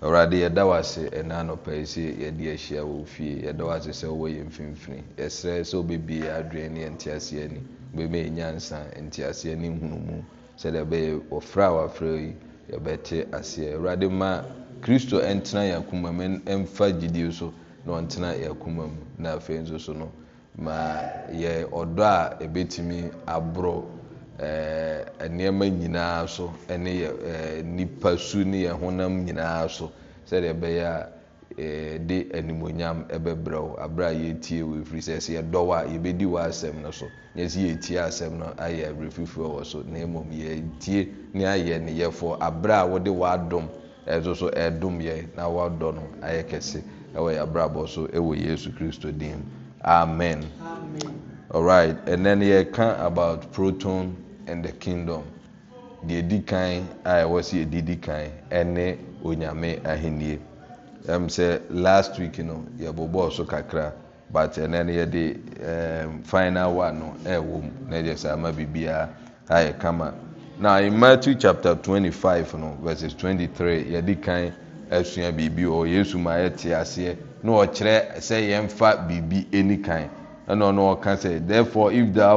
awurade yɛda w ase ɛna nɔpɛi sɛ yɛde ahyia wɔ fie yɛda w ase sɛ wowɔ yɛ mfimfini yɛsrɛ sɛ wobɛbie adwene ne ɛnteaseani bɛma ɛnyansa nteaseani hunumu sɛdeɛ bɛyɛ wɔfrɛ a wafrɛ yi yɛbɛte aseɛ awurade ma kristo ɛntena yɛakoma mu ɛmfa gyidie so na ɔntena yɛakoma mu na afei nso so no ma yɛ ɔdɔ a ɛbɛtumi aborɔ Eh, nnoɔma nyinaa so ne eh, nipa su ne yɛ honam nyinaa so sɛdeɛ ɛbɛyɛ a eh, de animonyam bɛbrɛ wo a yɛtie wɔ ɛfiri sɛ ɛsɛ yɛdɔw a yɛbɛdi wɔ asɛm no so nyɛ sɛ yɛtie asɛm no ayɛ aberɛ fifiri wɔ so na mmom yɛtie ne ayɛ ne yɛfoɔ aberɛ a wode w'adom ɛso so ɛdom yɛ na wɔadɔ no ayɛ kɛse ɛwɔ yɛ so ɛwɔ yesu kristo din amen, amen. all right and then yɛka about proton deɛ di kan a yɛwɔ sɛ yɛdidi kan ɛne onyame ahennie m sɛ last week no yɛbɔbɔɔso kakra but ɛnɛ n yɛde final 1e no wɔ mu na yɛ saa ma biribiaa ayɛkamamattw cha25 nov23 yɛde kan asua biribi ɔ yɛsu ma yɛte aseɛ na ɔkyerɛ sɛ yɛmfa biribi ni kan ɛnen ɔka sɛ teref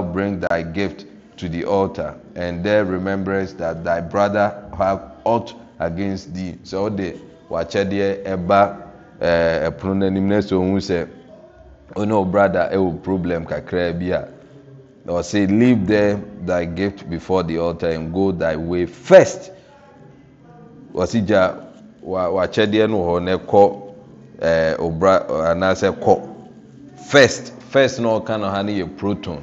if brin thy gift to the altar, and there remembrance that thy brother have ought against thee. Sɛ ɔde w'akyɛdeɛ ɛba e ɛɛ e, ɛpono e n'anim na sɛ ohun sɛ ɔne o brother ɛwɔ problem kakra bi a ɔsɛ leave there thy gift before the altar and go thy way first. Ɔsi gya w'akyɛdeɛ no wɔ hɔ na ɛkɔ ɛɛ obra anaasɛ kɔ first first na ɔka na ɔha no yɛ proton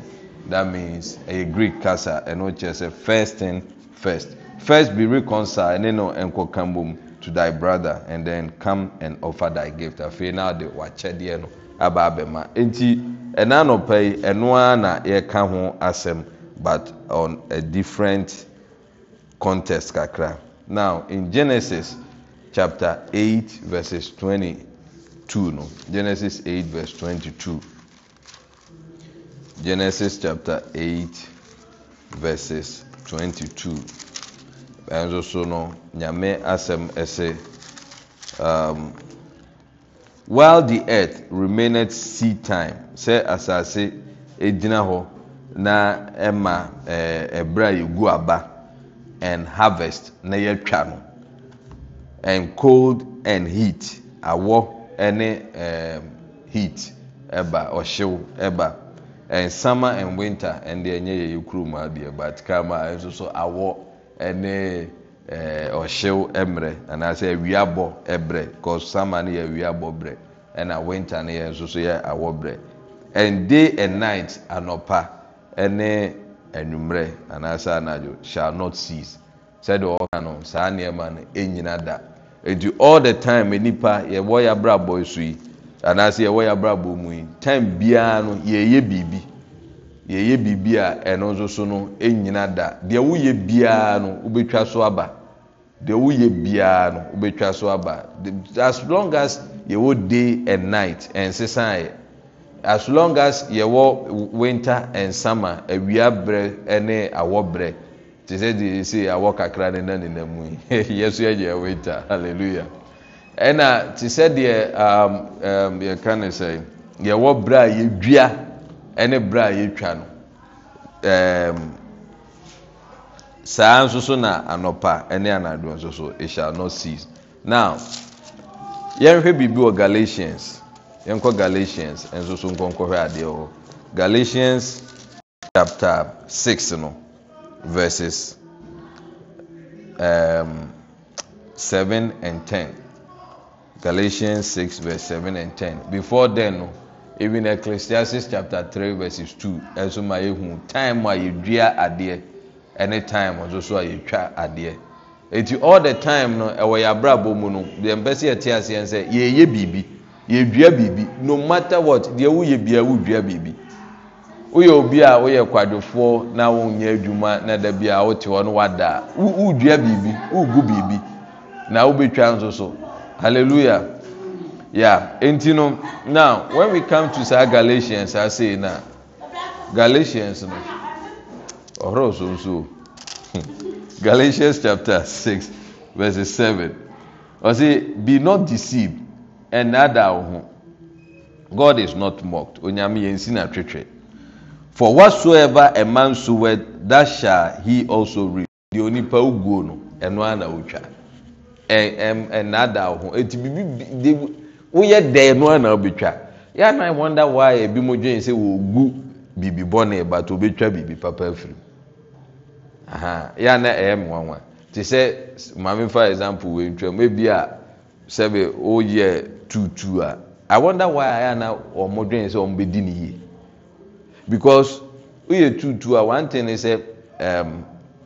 that means ɛyɛ greek kasa ɛno kyerɛ sɛ first thing first first be reconciled ne no nkɔka mbom to thy brother and then come and offer thy gift afei na de wakyɛdeɛ no aba abɛma nti ɛna anɔpa yi ɛno ara na yɛka ho asɛm but on a different context kakra now in genesis chapter eight verses twenty-two no genesis eight verse twenty-two genesis chapter 8 verses 22 ɛnso so no nyame asem ɛsɛ um, while the earth remaineth seed time sɛ asase egyina hɔ na ɛma ɛɛ ɛbrɛ a yɛgu aba and harvest na yɛtwa no and cold and heat awɔ ɛne ɛɛ um, heat ɛba ɔhyew ɛba and summer and winter and ɛnyɛ yɛ yɛ kurom adeɛ but kama nso so awɔ ɛne ɛɛ ɔhyew ɛmrɛ anaasɛ ɛwiabɔ ɛbrɛ cause summer no yɛ ɛwiabɔ brɛ ɛna winter no yɛ nso so yɛ awɔ brɛ and day and night anɔpa ɛne eh, ɛnumrɛ anaasɛ anadwo shall not cease sɛdeɛ ɔka oh, no saa nneɛma no eh, ɛnyina da etu all the time eh, nipa yɛ wɔ yɛ abrabɔ so yi anaasɛ yɛwɔ yɛ abrabɔ mu yi time biara no yɛyɛ biribi yɛyɛ biribi a ɛno nso no nyina da deɛ woyɛ biara no wobɛtwa so aba deɛ woyɛ biara no wobɛtwa so aba as long as yɛwɔ day and night ɛnsesan yɛ as long as yɛwɔ winter and summer awia brɛ ne awɔ brɛ te sɛ deɛ yɛsɛ awɔ kakra ne na nenam yi yɛ so yɛyɛ winter hallelujah ɛna te sɛdeɛ um, um, yɛka ne sɛ yɛwɔ berɛ a yɛdua ne berɛ a yɛtwa no um, saa nso so na anɔpa ne anadoɔ nso so ɛhyal no cease now yɛnhwɛ biribi wɔ galatians yɛnkɔ galatians nso so nkɔnkɔhwɛ adeɛ hɔ galatians chapter 6 no verses um, 7 and ten." Galatians 6 verse 7 and 10. Before then no, even Ecclesiastes chapter 3 verses 2 ɛnso ma yɛhu time a yɛdua adeɛ ɛne time nso so a yɛtwa adeɛ. Eti all the time no ɛwɔ yɛ abrabɔ mu no deɛ mpɛ and say, ye ye yɛyɛ ye yɛdua biribi no matter what deɛ woyɛ bia wodua biribi. woyɛ obi a woyɛ kwadwofoɔ na wonyɛ adwuma na da bi a wote hɔ no wada a wodua biribi wogu biribi na wobɛtwa nso so. Hallelujah, yeah. And you know, now when we come to saa galatians I say now, galatians no ɔhorɛ oh, galatians chapter 6 verse 7 I say, be not deceived and wo ho god is not mocked onyame yɛnsi no twetwe for whatsoever a man soweth that shall he also reap deɛ onipa woguo no ucha. ɛnnaada wo ho ɛti biribi woyɛ dɛɛ no ana wobɛtwa yɛ ana wonder why ebi mo dwen sɛ wɔgu biribi bɔne but wobɛtwa biribi papa afiri mu yɛ ana ɛyɛ mmoanwa te sɛ maame for example wɔntwa mu ebi a sɛbi woyɛ tuutu a i wonder why yɛ ana wɔn dwen sɛ wɔn bɛdi ne yie because woyɛ tuutu a one thing ne sɛ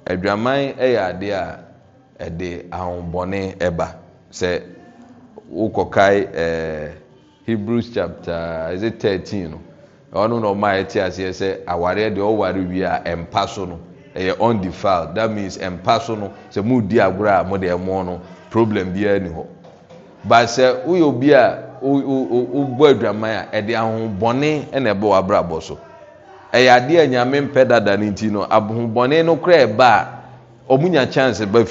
ɛdwaman yɛ adeɛ a. ɛde ahobɔne ɛba sɛ wokɔkae hebrews chapteris 13 no ɔno na a ɛte aseɛ sɛ awareɛ deɛ ɔware wie a ɛmpa so no ɛyɛ undefiled that means ɛmpa so no sɛ agorɔ a mode ɛmo no problem biara nni hɔ but sɛ woyɛ obi a wobɔ adwaman a ɛde ahobɔne w'abrabɔ so ɛyɛ adeɛ a nyame mpɛ dada no ahobɔne no kora ɛba a chance ba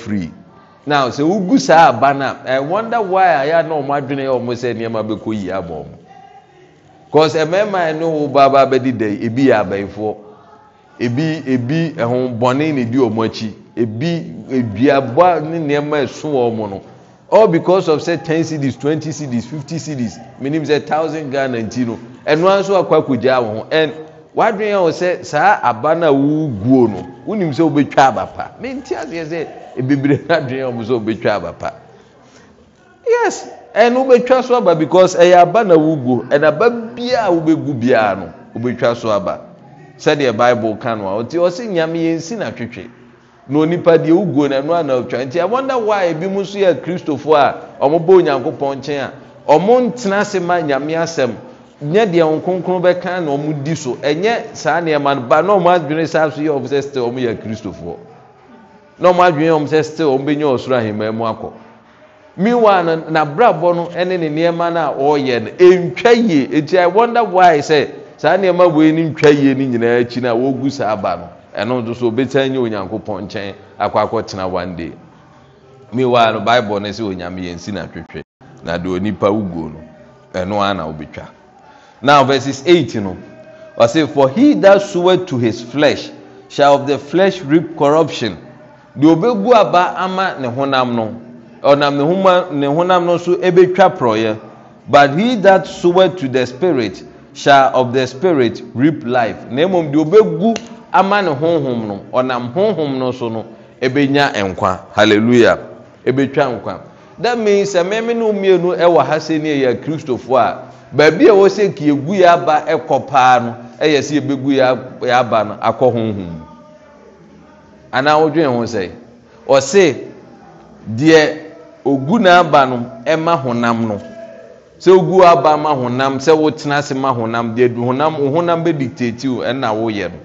now sɛ wogu saa aba no a wonder why ayɛ na ɔmo adwene yɛ ɔmo sɛ nneɛma bɛkɔ yie ama ɔmo cause mmarima ne wo baaba bɛdi dɛ ebi yɛ abɛnfoɔ ebi ebi ɛho bɔne ne di ɔmo akyi ebi eduaba ne nneɛma ɛso ɔmo no all because of sɛ ten cities, twenty cities, fifty cds menim sɛ thousand ghana nti no ɛnoa nso akɔ akɔgyaa wɔn ho ɛn. w'adwene a wɔ saa aba no a woguo no wonim sɛ wobɛtwa aba pa menti aseɛ sɛ bebree no adwene a wɔm sɛ wobɛtwa aba pa yes ɛno wobɛtwa so aba because ɛyɛ aba na woguo ɛna aba biaa wobɛgu biara no wobɛtwa so aba sɛdeɛ bible ka no a ɔnti ɔse nyame yɛnsi na twitwi na onipa deɛ woguo na ɛno anawtwa nti ɛwɔnda wɔa bi mu nso yɛ kristofo a ɔmobɔ onyankopɔn nkyɛn a ɔmo ntena ase ma nyame asɛm nyɛ deɛ wɔn bɛ kan na wɔn di so ɛnyɛ saa nneɛma no ba na wɔn adwene saa so yɛ wɔn sɛ still wɔn yɛ kristofoɔ na wɔn adwene wɔn sɛ still wɔn bɛnya ɔsoro ahemman mu akɔ meanwhile no n'abrabɔ no ɛne ne nneɛma no a no ntwa yie eti i wonder why sɛ saa nneɛma ntwa yie nyinaa akyi a saa aba no ɛno nso so nye nkyɛn akɔ tena one day meanwhile no bible now verses eight, you know, I say, for he that soweth to his flesh shall of the flesh reap corruption deɛ ɔbɛgu aba ama ne honam no ɔnam ne honam ne honam no nso ɛbɛtwa prɔyɛ but he that soweth to the spirit shall of the spirit reap life na mmom deɛ ɔbɛgu ama ne honhom no ɔnam honhom no so no ɛbɛnya nkwa hallelujah ɛbɛtwa nkwa. that means sɛ mɛmɛ ah, e e, no mmienu ɛwɔ ha sɛ ne yɛ kristofoɔ a baabi a ɛwɔ sɛ egu yɛ aba ɛkɔ paa no ɛyɛ sɛ ebegu yɛ aba no akɔ honhom anaa wodwen ho sɛ ɔse deɛ ogu n'aba no ɛma honam no sɛ ogu aba ma honam sɛ wotena ase ma honam deɛ honam honam bɛ dictate o e ɛna woyɛ no.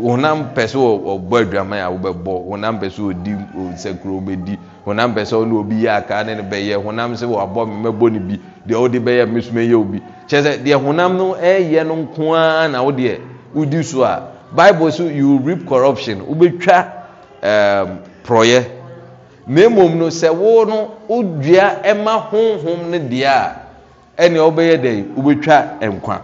honam pɛ sɛ ɔbɔ adwaman a wobɛbɔ honam pɛ sɛ ɔdi sɛkuro wobɛdi honam pɛ sɛ ɔne obi yɛ aka ne no bɛyɛ honam sɛ wɔabɔ me mɛbɔ no bi deɛ wode bɛyɛ mesom yɛ obi kyɛ sɛ deɛ honam no ɛyɛ no nko ara na wodeɛ wodi so a bible so you reap corruption wobɛtwa porɔyɛ na mmom no sɛ wo no ɔdua ɛma honhom no deɛ a yɛ wobɛyɛ dɛn wobɛtwa nkwa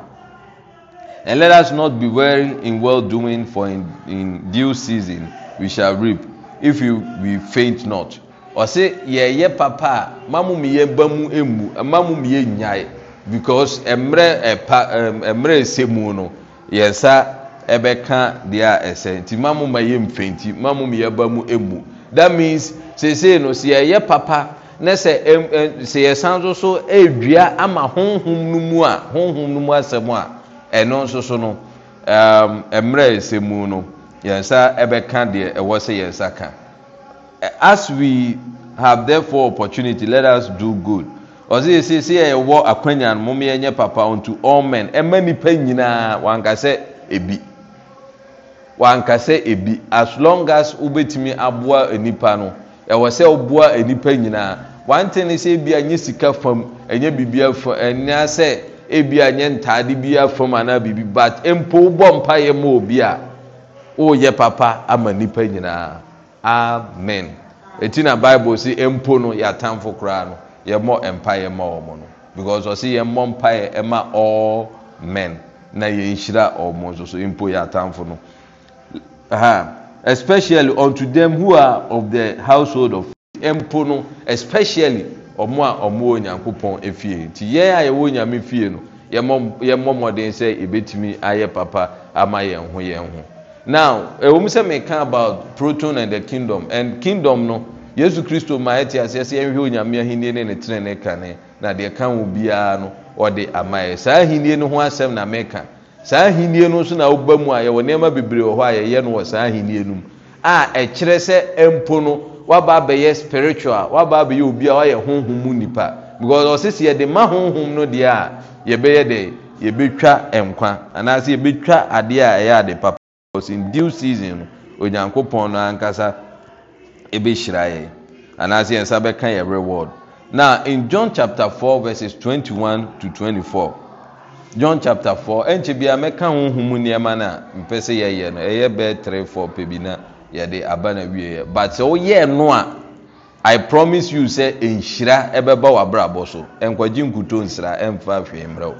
And let us not be weary in well doing, for in, in due season we shall reap if you we faint not. Ɔse yɛyɛ papa a mamu miyɛ ba mu emu mamu miyɛ nyae because mmerɛ ɛpa mmerɛ ɛsɛ mu no yɛsa ɛbɛka deɛ a ɛsɛ nti mamu ma yɛ mfɛnti mamu miyɛ ba mu emu that means sese no sɛ yɛyɛ papa ne sɛ ɛm ɛ sɛ yɛsan so so ɛredua ama honhom no mu a honhom no mu asɛm a ɛno eh, nso so no mmerɛ um, eh, ɛsɛ mu no yɛnsa ɛbɛka eh, deɛ ɛwɔ sɛ yɛnsa ka as we have therefore opportunity let us do good ɔsɛ yɛ sɛ yɛwɔ akwanya no mom yɛnyɛ papa unto all men ɛma nipa nyinaa wanka ebi e wanka ebi e as long as wobɛtumi aboa e, nipa no ɛwɔ sɛ woboa nipa nyinaa wante ne sɛ ebi a sika fam ɛnyɛ biribi afa ɛnya sɛ ebia nyɛ ntaade bi afam anaa biribi but mpo bɔ mpaeɛ ma obi a woyɛ papa ama nnipa nyinaa amen ɛti na bible si mpo no yɛatamfo koraa no yɛmmɔ mpaeɛ ma ɔ mo no because ɔse yɛmmɔ mpaeɛ ɛma all men na yɛnhyira ɔmo nso so mpo yɛatamfo no especially unto them who are of the household of mpo no especially ɔmo a ɔmowɔ onyankopɔn efie nti yɛn a yɛwɔ nyame fie no yɛmmɔ mmɔden sɛ ebetumi ayɛ papa ama yɛn ho yɛn ho now ɛwɔm sɛ ka about proton and the kingdom and kingdom no yesu kristo ma ɛte aseɛ sɛ yɛnhwɛ onyame ahenni ne ne tenene kane na deɛ ka ho biara no ɔde amaeɛ saa ahenni no ho asɛm na meka saa ahenni no nso na woba mu a yɛwɔ nnoɔma bebree wɔ hɔ a yɛyɛ no wɔ saa ahenni no mu a ɛkyerɛ sɛ mpo no woaba bɛyɛ spiritual woaba bɛyɛ obi a wayɛ honhom mu nnipa because ɔsesi yɛde ma honhom no deɛ a yɛbɛyɛ de yɛbɛtwa nkwa anaasɛ yɛbɛtwa adeɛ a ɛyɛ ade papa because in due season no onyankopɔn no ankasa ɛbɛhyira yɛ anaasɛ yɛn nsa bɛka yɛ reward na in John chapter four verses twenty-one to twenty-four John chapter four ɛnkyɛ bi a mɛka honhom nneɛma na mpɛsɛ mpɛ sɛ yɛyɛ no ɛyɛ bɛɛ three four pɛ na. yɛde aba na wie yɛ but sɛ woyɛɛ no a i promise you sɛ nhyira bɛba w'abrabɔ so ɛnkwagye nkuto nsra ɛmfa hwee mmerɛ wo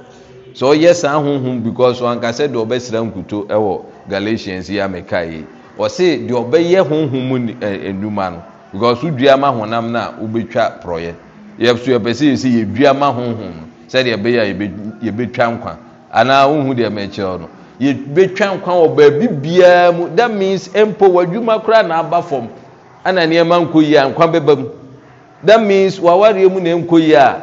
sɛ woyɛ saa honhom because anka sɛ deɛ ɔbɛsra nkuto wɔ galatians yi amekayi ɔse deɛ ɔbɛyɛ honhom nnuma no because wodua ma honam no a wobɛtwa porɔyɛ yɛso yɛpɛ sɛ yɛsɛ yɛdua ma honhom no sɛdeɛ ɛbɛyɛ a yɛbɛtwa nkwa anaa wohu deɛ mɛkyerɛw no yɛbɛtwa nkwa wɔ baabi biara mu that means mpo w'adwuma koraa na aba fam ana nneɛma nkɔ yie a nkwa bɛba mu that means w'awareɛ mu na nkɔ yie a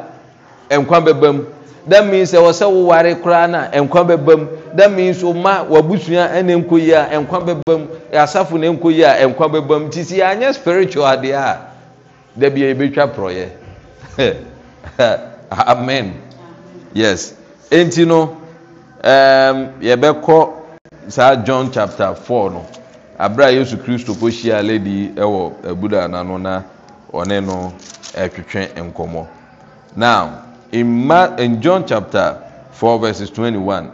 nkwa bɛba mu that means ɛwɔ sɛ woware koraa na nkwa bɛba mu that means woma w'abusua na nkɔ yie a nkwa bɛba mu asafo na nkɔ yie a nkwa bɛba mu nti sɛ spiritual adeɛ a dabi a yɛbɛtwa porɔyɛ amen yes enti no. Um, yɛbɛkɔ saa john chapter four. no aberɛ a yesu kristo pɔhyia ladi wɔ abudaana no na ɔne no ɛtwetwe nkɔmmɔ now in, Ma in john chapter 4 verses one,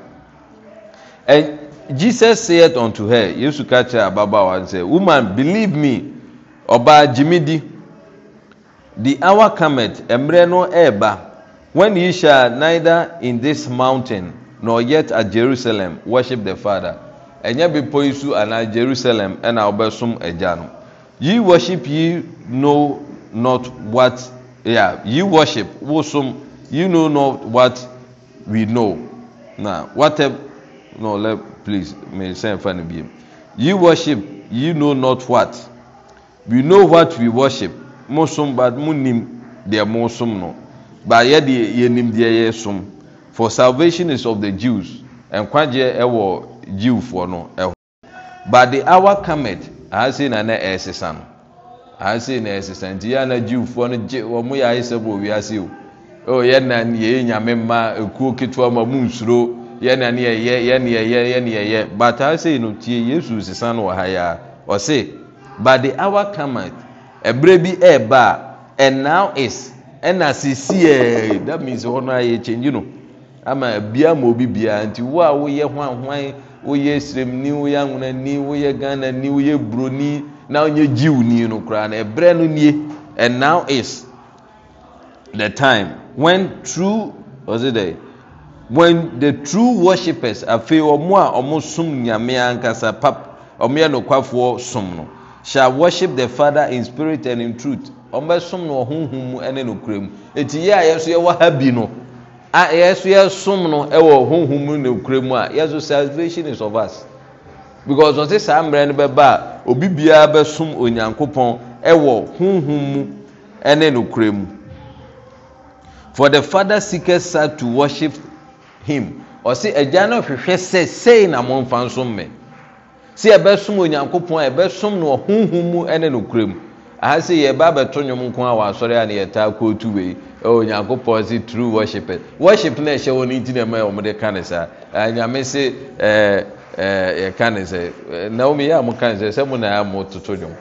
and jesus said unto her yesu ka kyerɛ ababaawa no sɛ woman believe me ɔbaa gyimi the hour cometh mmerɛ no ɛreba when ye shall neither in this mountain nor yet at jerusalem worship the father ɛnyɛ bepɔ yi so anaa jerusalem ɛna ɔbɛsom agya no ye worship ye know not what yeah ye worship wosom ye know not what we know na whatever no let please may send fa no biem ye worship ye know not what we know what we worship mo som but mo nim deɛ mo no ba yɛ deɛ yɛ nim deɛ yɛ som for salvation is of the jews nkwagyeɛ ɛwɔ jewfoɔ no ɛho but the hour cometh aasei na na ɛresesa no aasei na ɛresesa nti yɛ ana jewfoɔ no gye wɔn yɛ ayɛsɛ bɔ wiase o ɛwɔ yɛ nan yɛ nyame mma ekuo ketewa ma mu nsuro yɛ nan yɛyɛ yɛ ne yɛyɛ yɛ ne yɛyɛ but aasei no tie yesu sesa no wɔ ha yɛ a ɔse but the hour cometh ɛbrɛ bi ɛɛba and now is ɛna sisi ɛɛ that means wɔn ayɛ change no. You know ama bia ma obi biara nti wo a woyɛ hwanhwan woyɛ sremni woyɛ ahonani woyɛ ghana ni woyɛ buroni na wonyɛ jiw ni no koraa na ɛbrɛ no nie and now is the time when true was it when the true worshippers afei ɔmo a ɔmo som nyame ankasa pap ɔmo yɛ nokwafoɔ som no shall worship the father in spirit and in truth ɔmo bɛ som no ɔhonhom mu ɛne no kura mu eti a yɛ so yɛ wɔ ha bi no. a yɛso yɛsom no ɛwɔ honhom mu nekora mu a yɛso salvation is of us because ɔte saa mmerɛ no bɛba a obi biara bɛsom onyankopɔn ɛwɔ honhom mu ne nokora mu for the father seeketh son to worship him ɔsi agya no hwehwɛ sɛ sei na momfa nsom me sɛ yɛbɛsom onyankopɔn a yɛbɛsom no wɔ honhom mu ne nokora mu aha sɛ yɛba bɛto nwom nko a wɔ ya na ne yɛtaa kootu wei onyankopɔn se true worship worship no ɛhyɛ wɔ no ntina ma ɔmde ka ne saa nyame se yɛka ne sɛ naomiyɛ a moka ne sɛ na ya naa mototo nwom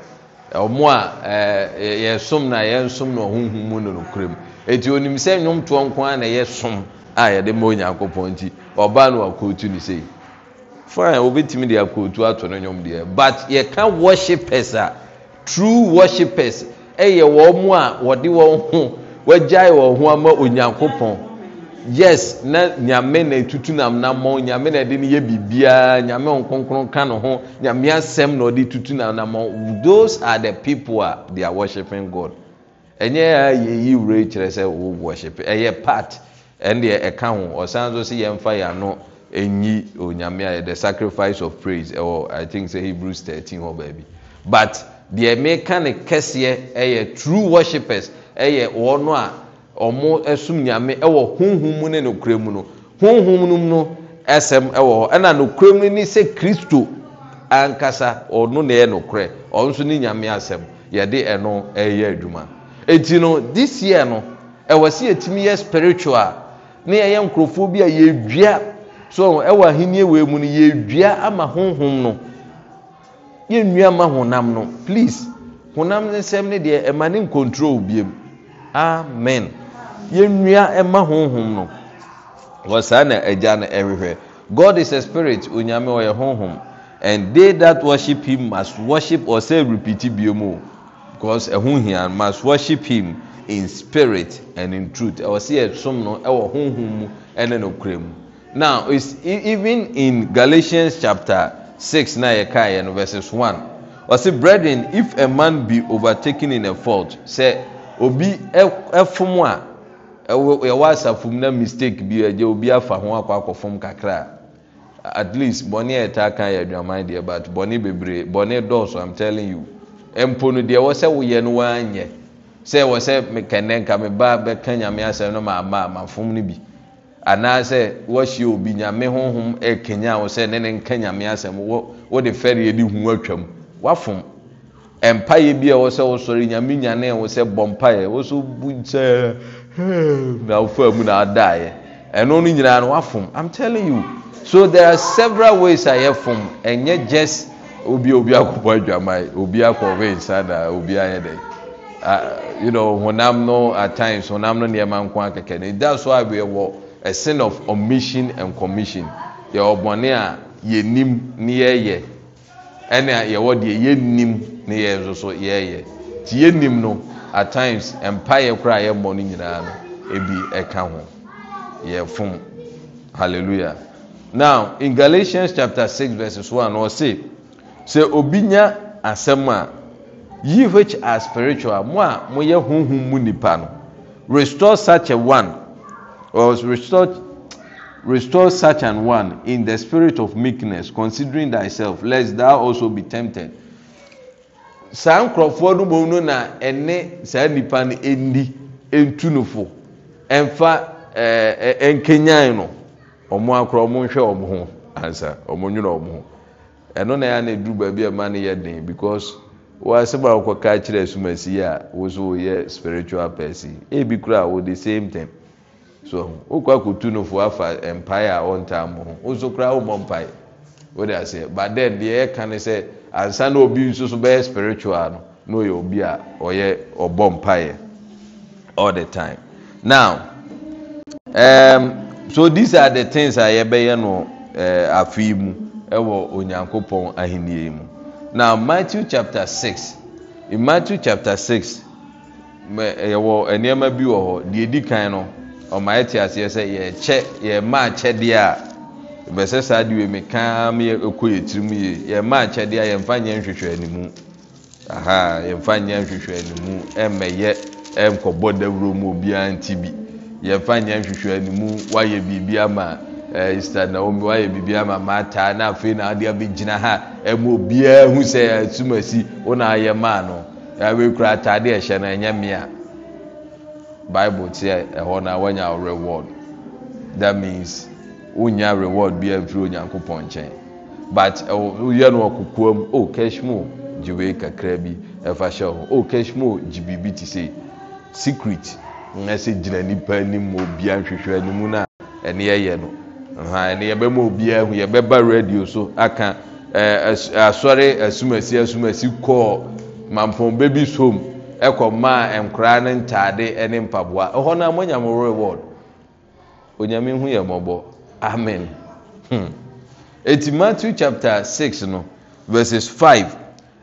ɔmụ a yɛsom no yɛnsom no ɔhohum mu no nokorɛm ɛnti ɔnim sɛ nnwomtoɔ nko a na yɛsom a yɛde ma onyankopɔn nti ɔba no wakootu no sei fine wobɛtumi de akootu ato no nwom ya but yɛka worshippers a true worshippers ɛyɛ wɔn mu a wɔde wɔn ho wɔagyae wɔn ho ama onyankopɔn yes na nyame na etutu nam namɔ nyame na ɛde ne yɛ biribiara nyame nkonkron ka ne ho nyame asɛm na ɔde tutu nam namɔ those are the people a they are worshiping god ɛnyɛ a yɛyi wura kyerɛ sɛ wɔ worship ɛyɛ part ɛndeɛ ɛka ho ɔsan so si yɛmfa yɛn ano enyi onyame ayɛ the sacrifice of praise ɛwɔ i think say hebrews 13 hɔ baabi but. deɛ meka ne kɛseɛ yɛ true worshippers yɛ wɔ a ɔmo som nyame ɛwɔ honhom mu ne nokorɛ mu no honhom mu no sɛm ɛwɔ hɔ ɛna nokorɛ mu no ni sɛ kristo ankasa ɔno neɛ nokorɛ ɔnso ne nyame asɛm yɛde ɛno ɛyɛ adwuma eti no this year no ɛwɔ sɛ yɛtumi yɛ spiritual ne yɛyɛ nkurɔfoɔ bi a yɛdua so ɛwɔ ahenniɛ wei emu no yɛdua ama honhom no yɛnnua ma honam no please honam no nsɛm no deɛ ɛma ne nkontrol biem amen yɛnnua ma honhom no wɔ saa na agya no ɛhwehwɛ god is a spirit onyame ɔyɛ honhom and they that worship him must worship ɔsɛ repeat biem o because ɛho hia must worship him in spirit and in truth ɛwɔ sɛ yɛsom no ɛwɔ honhom mu ɛne no kura mu now e-, even in galatians chapter Six na yɛkaeɛ no vs 1 ɔse brethren if a man be overtaken in a fault sɛ obi fom a yɛwɔ asafom na mistake bi agye obi afa ho akɔ akɔfom kakra. at least bɔne ayɛtaa ka yɛ adwaman deɛ but bɔne bebree bɔne dɔɔso im telling you mpo no deɛ wɔ sɛ woyɛ no waanyɛ sɛ wɔ sɛ mekɛnɛ nka meba bɛka nyame asɛm no maamaa mafom no bi anaasɛ woahyia obi nyame honhom kanya wo sɛ ne ne nka nyame asɛm wode fɛreɛ de hu atwam woafom mpaeɛ bi a wɔ sɛ wosɔre nyame nyanee wo sɛ bɔ mpaeɛ wo so bu sɛ nawofaa mu naadaeɛ ɛno no nyinaa no woafom i'm telling you so there are several ways a yɛfom ɛnyɛ just obi obi akɔbɔ adwamae obi akɔ wensa na obi ayɛ dɛ ah, you know honam no at times honam no nneɛma nko akɛkɛ no that's why we were a sin of omission and commission yɛwɔ bɔne a yɛnim ne yɛyɛ ɛnea yɛwɔ deɛ yɛnim ne yɛ nso so yɛyɛ nti yɛnim no at times mpaeɛ koraa yɛmmɔ no nyinaa no ebi ɛka ho yɛfom hallelujah now in galatians chapter six verses one ɔse sɛ obi nya asɛm a ye which are spiritual mo a moyɛ honhom mu nipa no restore such a one or restore, restore such an one in the spirit of meekness considering thyself lest thou also be tempted saa nkurɔfoɔ no mom no na ɛne saa nnipa no ɛnni ɛntu no fo ɛmfa ɛnkenyan no ɔmo akorɔ ɔmo nhwɛ ɔmo ho ansa ɔmo nwene ɔmo ho ɛno na ɛyɛ na ɛduru baabi a ɛma no yɛ den because wɔasɛm a wɔkɔka kyerɛ asumasi a wɔso wɔyɛ spiritual person ebi kura wɔ the same time So, wokɔ akotu no foɔ afa mpae a ɔntaamɔ ho wo so koraa wommɔ mpae wode aseɛ but then deɛ yɛka ne sɛ ansa na obi nso so bɛyɛ spiritual no na ɔyɛ obi a ɔyɛ ɔbɔ mpaeɛ all the time now um, so these are the things a yɛbɛyɛ no uh, afei mu ɛwɔ onyankopɔn ahenniɛ mu now matthew chapter six in matthew chapter six ɛyɛwɔ nneɛma bi wɔ hɔ deɛ di kan no ɔma yɛte aseɛ sɛ yɛkyɛ yɛma akyɛdeɛ a bɛsɛ saa de wemi kaa mu ɛkɔ yɛ tirim yie yɛma akyɛdeɛ a yɛmfa nyɛ nhwehwɛ animu aha yɛmfa nyɛ nhwehwɛ animu ɛmɛyɛ ɛnkɔbɔ dawuro mu obiara nti bi yɛmfa nyɛ nhwehwɛ animu wayɛ biribi ama ɛsita na wɔn wayɛ biribi ama maataa na afei na adeɛ abɛgyina ha ɛmu obiara hu sɛ ɛtum asi wɔn a yɛ maa no ɛwɛ kura ataadeɛ bible ti ɛhɔ na wanya reward that means wonya reward bi afiri nkupo nkyɛn but woyɛ no ɔkokoa mu o oh, cashmo gye wei kakra bi ɛfa hyɛ hɔ o oh, cashmo gye biribi te sɛ secret na sɛ gyina nipa anim obia nhwehwɛ anim no a ɛne yɛyɛ no ɛne yɛbɛma obiaa hu ba radio so aka asɔre asumasi asumasi kɔɔ mampɔn bɛbi som ɛkɔmaa nkoraa no ntaade ne mpaboa ɛhɔ no a moanyam reward onyame hu yɛ mmɔbɔ amen ɛti hmm. matthew chapter six no verses five.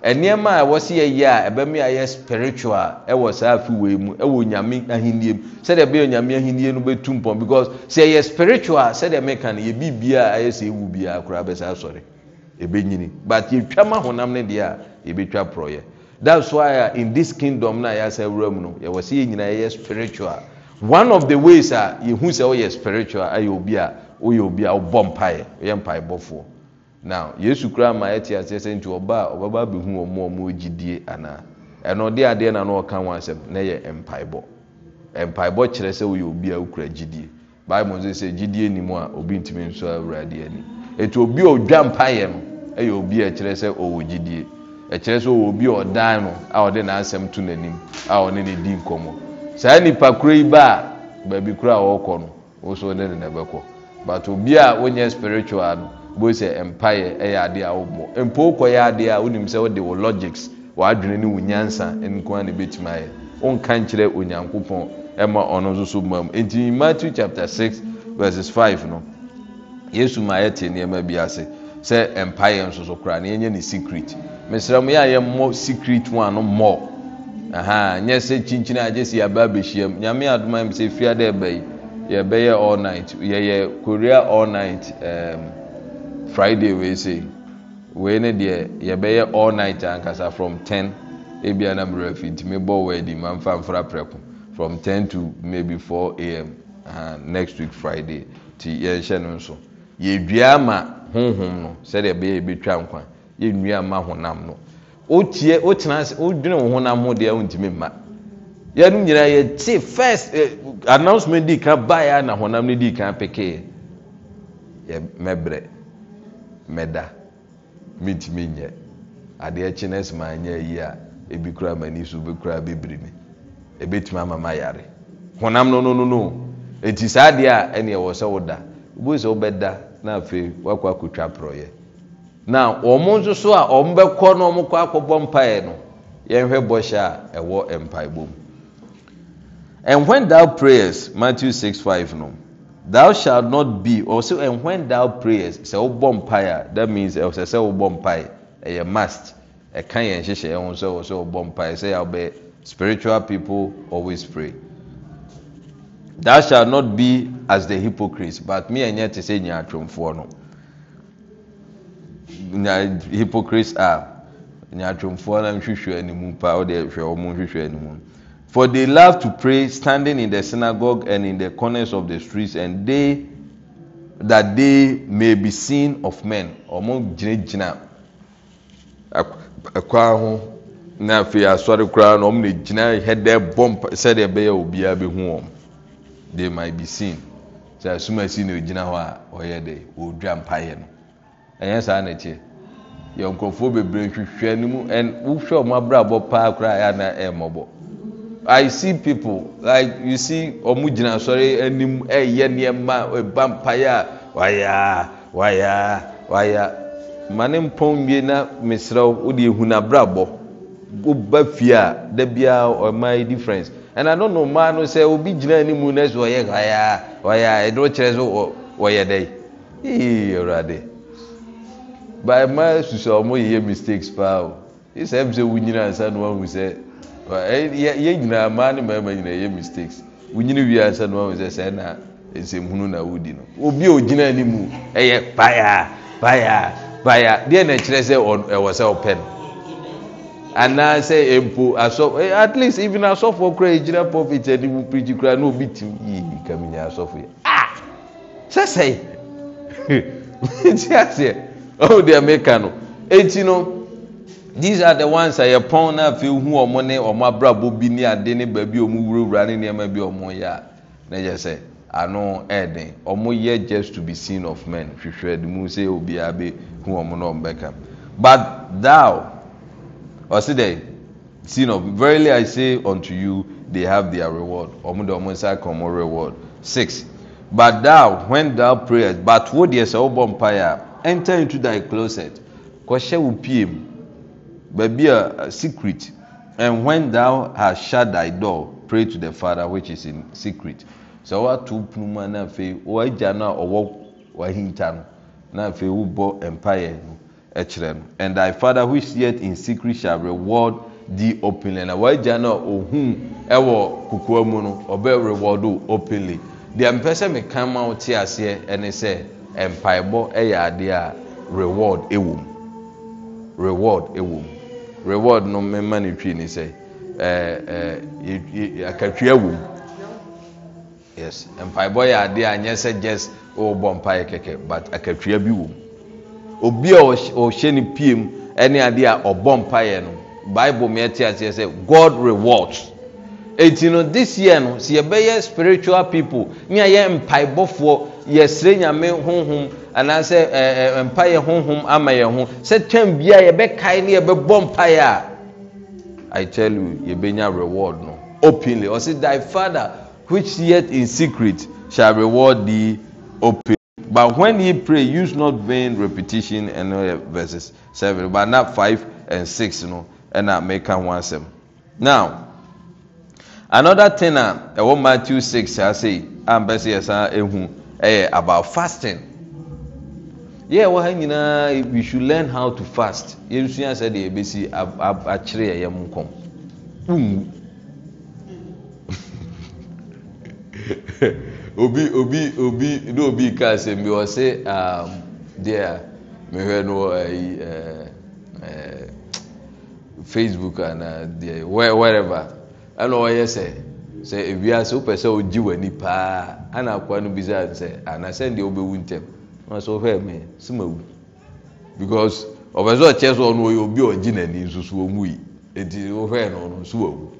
ɛnnoɔma a ɛwɔ se yɛyɛ a ɛbɛme ayɛ spiritual ɛwɔ saa afewei mu ɛwɔ nyame ahennie mu sɛdeɛ ɛbɛyɛ nyame ahennie no bɛtu mpɔn because sɛ ɛyɛ spiritual sɛdeɛ meka no yɛbiribiaa ayɛ sɛ ɛwu biaa koraa bɛsɛ asɔre ɛbɛnyini but yɛtwa ma honam no deɛ a yɛbɛtwa porɔyɛ that's why a uh, in this kingdom na a yɛasɛ awura mu no yɛwɔ sɛ yɛ nyinaa yɛyɛ spiritual one of the ways a yɛhu sɛ woyɛ spiritual ayɛ obi a woyɛ obi a wobɔ mpaeɛ woyɛ mpaebɔfoɔ now yesu koraa ma ɛte aseɛ sɛ nti ɔba a ɔbɛba abɛhu wɔn mu a wɔgyidie anaa ɛno ɔde adeɛ na no ɔka ho asɛm na yɛ mpaebɔ mpaebɔ kyerɛ sɛ woyɛ obi a wokura gyidie bible nso sɛ gyidie ni mu a obi ntumi nso awurade ani etu obi a odwa mpaeɛ no ɛyɛ obi a kyerɛ sɛ ɔwɔ gyidie ɛkyerɛ sɛ ɔwɔ ɔdan no a ɔde n'asɛm to n'anim a ɔne ne di nkɔmmɔ saa nipa koro yi ba a baabi koro a ɔrekɔ no wɔso ne ne na bɛkɔ but obi a wonyɛ spiritual no bó sɛ mpaeɛ ɛyɛ adeɛ a wɔbɔ mpo kɔ yɛ adeɛ a wonim sɛ wode wɔ logics wɔadwene ne wo nyansa nko a ne bɛtumi ayɛ wonka nkyerɛ onyankopɔn ɛma ɔno nso so ma mu nti Matthew chapter six verses five no Yesu ma yɛte nneɛma bi ase sɛ Empire nso so koraa na yɛnyɛ ne secret mesrɛ mo yɛ a yɛmmɔ secret ho ano mmɔ nyɛ sɛ kyinkyini agye sɛ yɛaba abɛhyiam nyame adoma mu sɛ fia dɛ ɛbɛyi yɛbɛyɛ all night yɛyɛ korea all night um, friday wei se wei ne deɛ yɛbɛyɛ all night ankasa from 10 ebia na mmerɛ afi ntumi bɔ wɔ adi mamfa mfra prɛko from 10 to maybe 4 am uh, next week friday nti yɛnhyɛ no nso yɛdua ama honhom no sɛdeɛ ɛbɛyɛ yɛbɛtwa nkwa yɛnnua mma honam no wotie wotena ase wodwene wo honam ho deɛ wontumi mma yɛnom nyinaa yɛte first eh, announcement dii ka baeɛ a na honam no dii ka pekeeɛ mɛbrɛ mɛda mentumi nyɛ adeɛ kye no smaa nyɛ ayi a ɛbi koraa m'ani so wobɛkuraa bɛbiri ebi ɛbɛtumi ama ma yare honam no no no no eti saa deɛ a ɛneɛ wɔ sɛ woda wobu sɛ wobɛda na afei woakɔ akɔtwa prɔyɛ na ɔmo nso so a ɔmbɛkɔ no ɔmokɔ akɔbɔ mpaeɛ no yɛnhwɛ bɔhyɛ a ɛwɔ Empire boom. and when thou prayers matthew six five no thou shalt not be also and when thou prayers sɛ wobɔ mpaeɛ a that means ɛsɛ sɛ wobɔ mpaeɛ ɛyɛ must ɛka yɛn hyehyɛ ɛho sɛ wɔ sɛ wobɔ mpaeɛ sɛ I be spiritual people always pray that shall not be as the hypocrites but me and yet te sɛ nyaatwomfoɔ no nya hypocrites a nyaatwomfoɔ no nhwehwɛ anim pa ɔde hwɛ wɔn nhwehwɛ anim for they love to pray standing in the synagogue and in the corners of the streets and they that they may be seen of men ɔmo gyinagyina akwa ho na afei asɔre koraa na ɔmo na gyina hɛdɛ bɔ sɛdeɛ ɛbɛyɛ obiara bi ho wɔn. they might be seen sɛ asoma si na ogyina hɔ a ɔyɛ de ɔredwa mpaeɛ no ɛnyɛ saa na kyɛ yɛ nkurɔfoɔ bebree hwehwɛ no mu and wohwɛ ɔmo abrabɔ paa koraa yɛ ana ɛɛmɔbɔ i see people like you see ɔmo gyina asɔre anim ɛɛyɛ eh, nneɛma ɛba mpaeɛ a wayaa wayaa wayaa ma eh, mpɔn wie na mesrɛ wo de ehun abrabɔ woba fie a dabi a ɔmo ayɛ difference ɛna no no mmaa no sɛ obi gyina animu no sɛ ɔyɛ hayaa ɔyɛ a ɛdɔ kyerɛ so wɔyɛ dɛ ee awurade by ma susu a yɛ mistakes paa o sɛ ɛmu sɛ wunyina ansa no ahu sɛ e, yɛ nyinaa mmaa ne mmarima nyinaa yɛ mistakes wunyini wie ansa no ahu sɛ sɛ ɛna nsɛmhunu na e wodi no obi a ogyina animu ɛyɛ e paya paya paya deɛ na ɛkyerɛ sɛ ɛwɔ sɛ ɔpɛ no anaasɛ mpo eh, asɔfo eh, at least even asɔfoɔ kora ɛgyina eh, pulpit ani mu preach kora na obi ti yi kaminya asɔfo yɛ ah sɛsɛe ti aseɛ ɔmo deɛ meka no eti no these are the ones a yɛpɔn na afei hu ɔmo ne ɔmo abrabɔ bi ne ade ne baabi ɔmo wurawura ne nneɛma bi ɔmo yɛ a na yɛ sɛ ano ɛɛden ɔmo yɛ just to be seen of men hwehwɛ de mu sɛ obiara bi hu ɔmo na ɔmo bɛka but thou ɔsi dɛ sin of verily i say unto you they have their reward ɔmo de ɔmo nsa ka ɔmo reward six but thou when thou prayest but wo deɛ sɛ wobɔ mpaeɛ enter into thy closet kɔhyɛ wo pie mu baabi a secret and when thou hast shut thy door pray to the father which is in secret sɛ woato pnum a na afei woagya no a ɔwɔ w'ahinta no na afei wobɔ mpaeɛ no kyerɛ no and thy father which yet in secret shall reward thee openly na wagya no a ohun wɔ kokoa mu no ɔbɛ reward o openly deɛ mpɛ sɛ meka ma wo te aseɛ e, ne sɛ mpaebɔ yɛ adeɛ a reward wɔ mu reward wɔ mu reward no mema no twi ne sɛ akatwia wɔ mu yes mpaebɔ yɛ adeɛ a nyɛ sɛ just wɔrebɔ oh, mpaeɛ kɛkɛ but akatwia bi wɔ mu obi a ɔhyɛ no piem ɛne adeɛ a ɔbɔ mpayɛ no bible meɛte aseɛ sɛ god rewards ɛnti no this year no sɛ yɛbɛyɛ spiritual people nea yɛ mpaebɔfoɔ yɛsrɛ nyame honhom anaasɛ mpayɛ honhom ama yɛ ho sɛ tam biaa yɛbɛkae ne yɛbɛbɔ mpaeɛ a i tell you yɛbɛnya reward no openly ɔse thy father which yet in secret shall reward thee openly But when ye pray, use not vain repetition and uh, verses 7, but not 5 and 6, you know, and I make one seven. Now, another thing, uh, what Matthew 6, I say, I'm busy as I about fasting. Yeah, well, uh, you know, we should learn how to fast. You see, I said, yeah, basically, actually, I am come. ne obi ka sɛm bi ɔ se deɛ a mehwɛ no wɔyi um, uh, uh, uh, facebook anaa deɛ wherever ɛna ɔyɛ sɛ sɛ ewiase wopɛ sɛ ogye w'ani paa ana akoa no bisa sɛ anasɛndeɛ wobɛwu ntɛm ɔsɛ wohwɛ me sima wu because ɔpɛ sɛ ɔkyɛ so ɔno ɔyɛ obi a n'ani nso ɔmu yi eti wohwɛ no ɔno nso wawu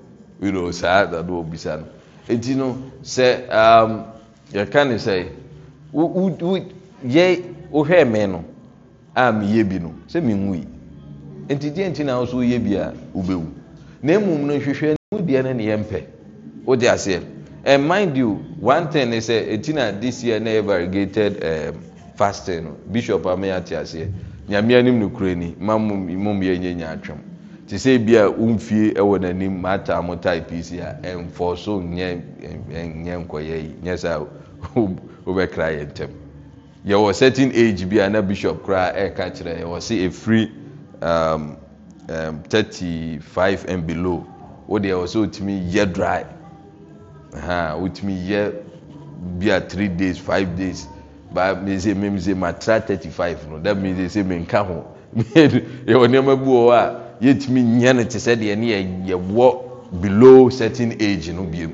you know saa dade ɔbisa no eti no sɛ um, yɛka ne sɛ yɛ wohwɛ me no a ah, meyɛ bi no sɛ menwui ɛnti deɛ nti na wo so bi a wobɛwu na no hwehwɛ ne mu deɛ aseɛ and mind you one thing is sɛ eh, na this year na yɛ variegated eh, fasting no bishop ameyɛ aseɛ nyame anim no kura ni ma mmom atwam te sɛ bi a womfie wɔ n'anim maataa mo types a ɛmfɔ so yɛ nkɔyɛyi nyɛ sɛ wobɛkra yɛ ntɛm yɛwɔ certain age bi a na bishop koraa ɛɛka kyerɛ yɛwɔ se ɛfiri 35 and below wo deɛ ɛwɔ sɛ wotumi yɛ dry wotumi yɛ a three days five days ba mese mem se matra 35 no that means sɛ menka ho yɛwɔ nneɛma bi wɔ hɔ a yɛtumi nyɛ no te sɛdeɛ ne yɛyɛwɔ below certain age no biom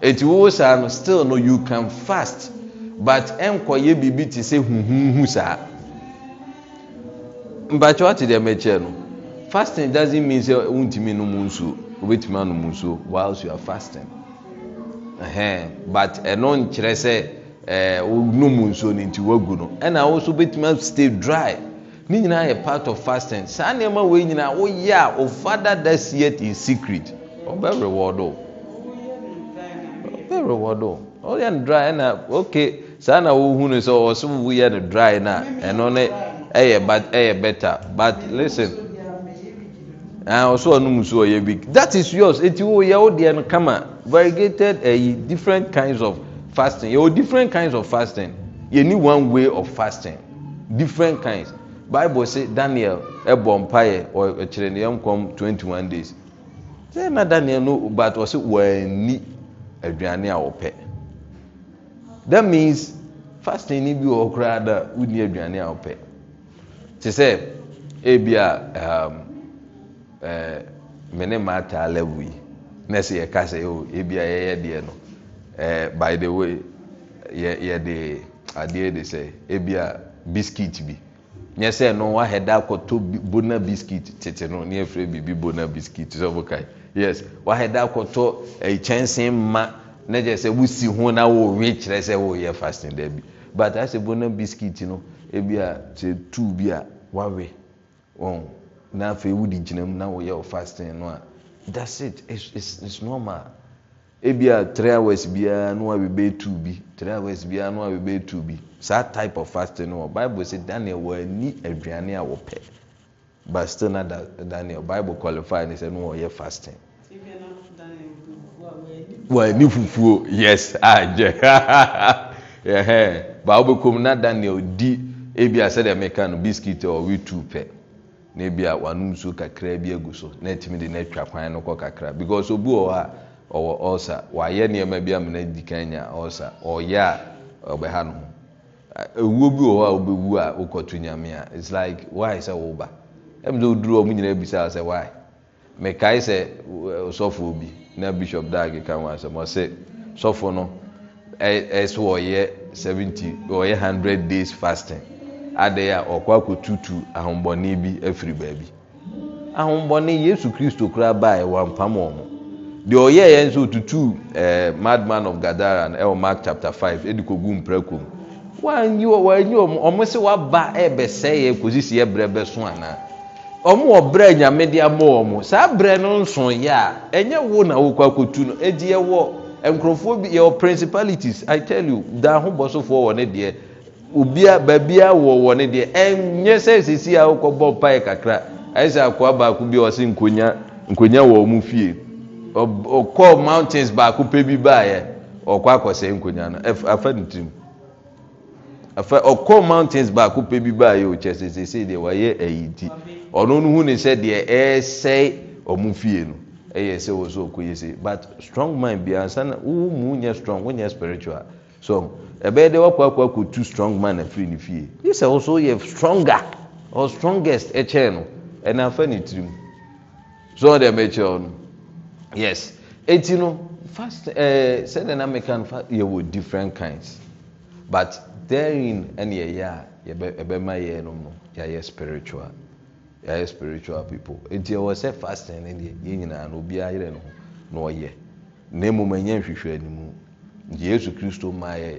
ɛnti wowo saa no still no you can fast but ɛnkɔyɛ biribi te sɛ huhuhu saa mpakyɛ wate deɛ mɛkyɛɛ no fasting doesn't mean sɛ wontumi no mu nsuo wobɛtumi anomu nsuo While you are fasting ɛhɛn but ɛno nkyerɛ sɛ ɛɛ wonomu nsuo no nti wagu no ɛna wo nso wobɛtumi stay dry ne nyinaa yɛ part of fasting saa nnoɔma wei nyinaa woyɛ a ofada das yet in secret ɔbɛ reward o ɔbɛ reward o ɔyɛ no dry ɛna okay saa na wohu no sɛ ɔwɔ so woyɛ no dry na ɛno ne ɛyɛ but ɛyɛ better but listen ɔso ɔnum so ɔyɛ big that is yours eti wo yɛ wo deɛ no kama variegated ɛyi eh, different kinds of fasting yɛ wɔ different kinds of fasting yɛ ni one way of fasting different kinds bible say daniel bɔ mpaeɛ ɔkyerɛ ne twenty one days sɛ na daniel no but ɔse wɔani aduane a wɔpɛ that means fasting ni bi wɔ koraa da wonni aduane a wɔpɛ te sɛ ebi a um, ɛɛ eh, me ne maa taa level yi na ɛsɛ yɛ kasa yɛ o ebi a yɛyɛ deɛ no ɛɛ eh, by the way yɛ yɛ de adeɛ de sɛ ebi a biscuit bi nyɛ sɛ no wahɛda akɔtɔ bona biscuit tete no ne yɛfrɛ biribi bona biscuit sɛ bokae yes wahɛda akɔtɔ kyɛnse ma na gye sɛ wosi ho na wɔwe kyerɛ sɛ wɔyɛ fasting da bi but asɛ bona biscuit no ebi a sɛ tuu bi a wawe wɔn na afei wodi gyina mu na wɔyɛ fasting no a that's it it's, it's normal ebia three hours biara no a bɛbɛ tu bi three hours biara no a bɛbɛ tu bi saa type of fasting no bible say daniel wɔ ani aduane a wɔpɛ but still na da daniel bible qualify ne sɛ no wɔyɛ fasting. wɔ ani fufuo yes agye ɛhɛn baa wobɛkɔm na daniel di ebia sɛdeɛ meka no biscuit or wheat two pɛ. na ebia wanum nsuo kakra bi agu so na etimi de na atwa kwan no kɔ kakra because obi wɔ hɔ a. ɔwɔ ɔlsa wayɛ nnoɔma bi amana di kan nya ọ ɔyɛ a ɔbɛha no ho bi wɔ hɔ a wobɛwu a wokɔto nyame a its like why sɛ woba m sɛ woduru ɔ mu nyina bisaa sɛ wy mekae sɛ ɔsɔfoɔ obi na bishop ka asɛm sɔfo no ɔyɛ ɔyɛ days fasting a ɔkɔ akɔtutu ahombɔne bi afiri baabi ahombɔne yesu kristo koraa baa ɛwɔ ho deɛ ɔyɛ yɛ nso tutu otutu eh, madman of gadara no ɛwɔ mark chapter five ɛde kogu mprakom wanyi wanyi ɔmo ɔmo sɛ waba ɛbɛsɛɛ kòsi si ɛbrɛ bɛso ana ɔmo ɔbrɛ nyame de ama ɔmo saa brɛ no nso yɛ a ɛnyɛ wo na wokɔ akotu no edi ɛwɔ nkurɔfoɔ bi yɛwɔ principalities i tell you dan ho bɔsofoɔ wɔ ne deɛ obia baabia wɔ wɔ ne deɛ ɛnyɛ sɛ sisi a wokɔ bɔ pae kakra ayɛ sɛ akɔa baako bi a ɔsi nkonya nkonya wɔ ɔmo fie. ọkọ mountains baako pɛ bi baayɛ ɔkɔ akɔsɛe nkonwa no afa ne tirim afa ɔkɔɔ mountains baako pɛ bi baayɛ ɔkyɛ sɛsesei deɛ wayɛ ayi ti ɔno no hu ne sɛ deɛ ɛɛsɛe ɔmo fie no ɛyɛ sɛ wɔ so ɔkɔyɛ sei but strong mind bia ansa na wo mu nyɛ strong wonyɛ spiritual so ɛbɛyɛ dɛ wakɔ akɔ akɔtu strong man afiri ne fie yi sɛ wo yɛ stronger or strongest ɛkyɛn no ɛna afa ne tirim so ɔde ɛmɛkyerɛ no yes ɛnti no sɛde na meka no yɛwɔ different kinds but therein ɛne yɛyɛ a ɛbɛma yɛ nom no yɛayɛ spiritual yɛayɛ spiritual people ɛnti ɛwɔ sɛ fasting no deɛ yɛn nyinaa no obiara yerɛ no ho na ɔyɛ na mmom ɛnyɛ nhwehwɛ anim nti yesu kristo maa eh,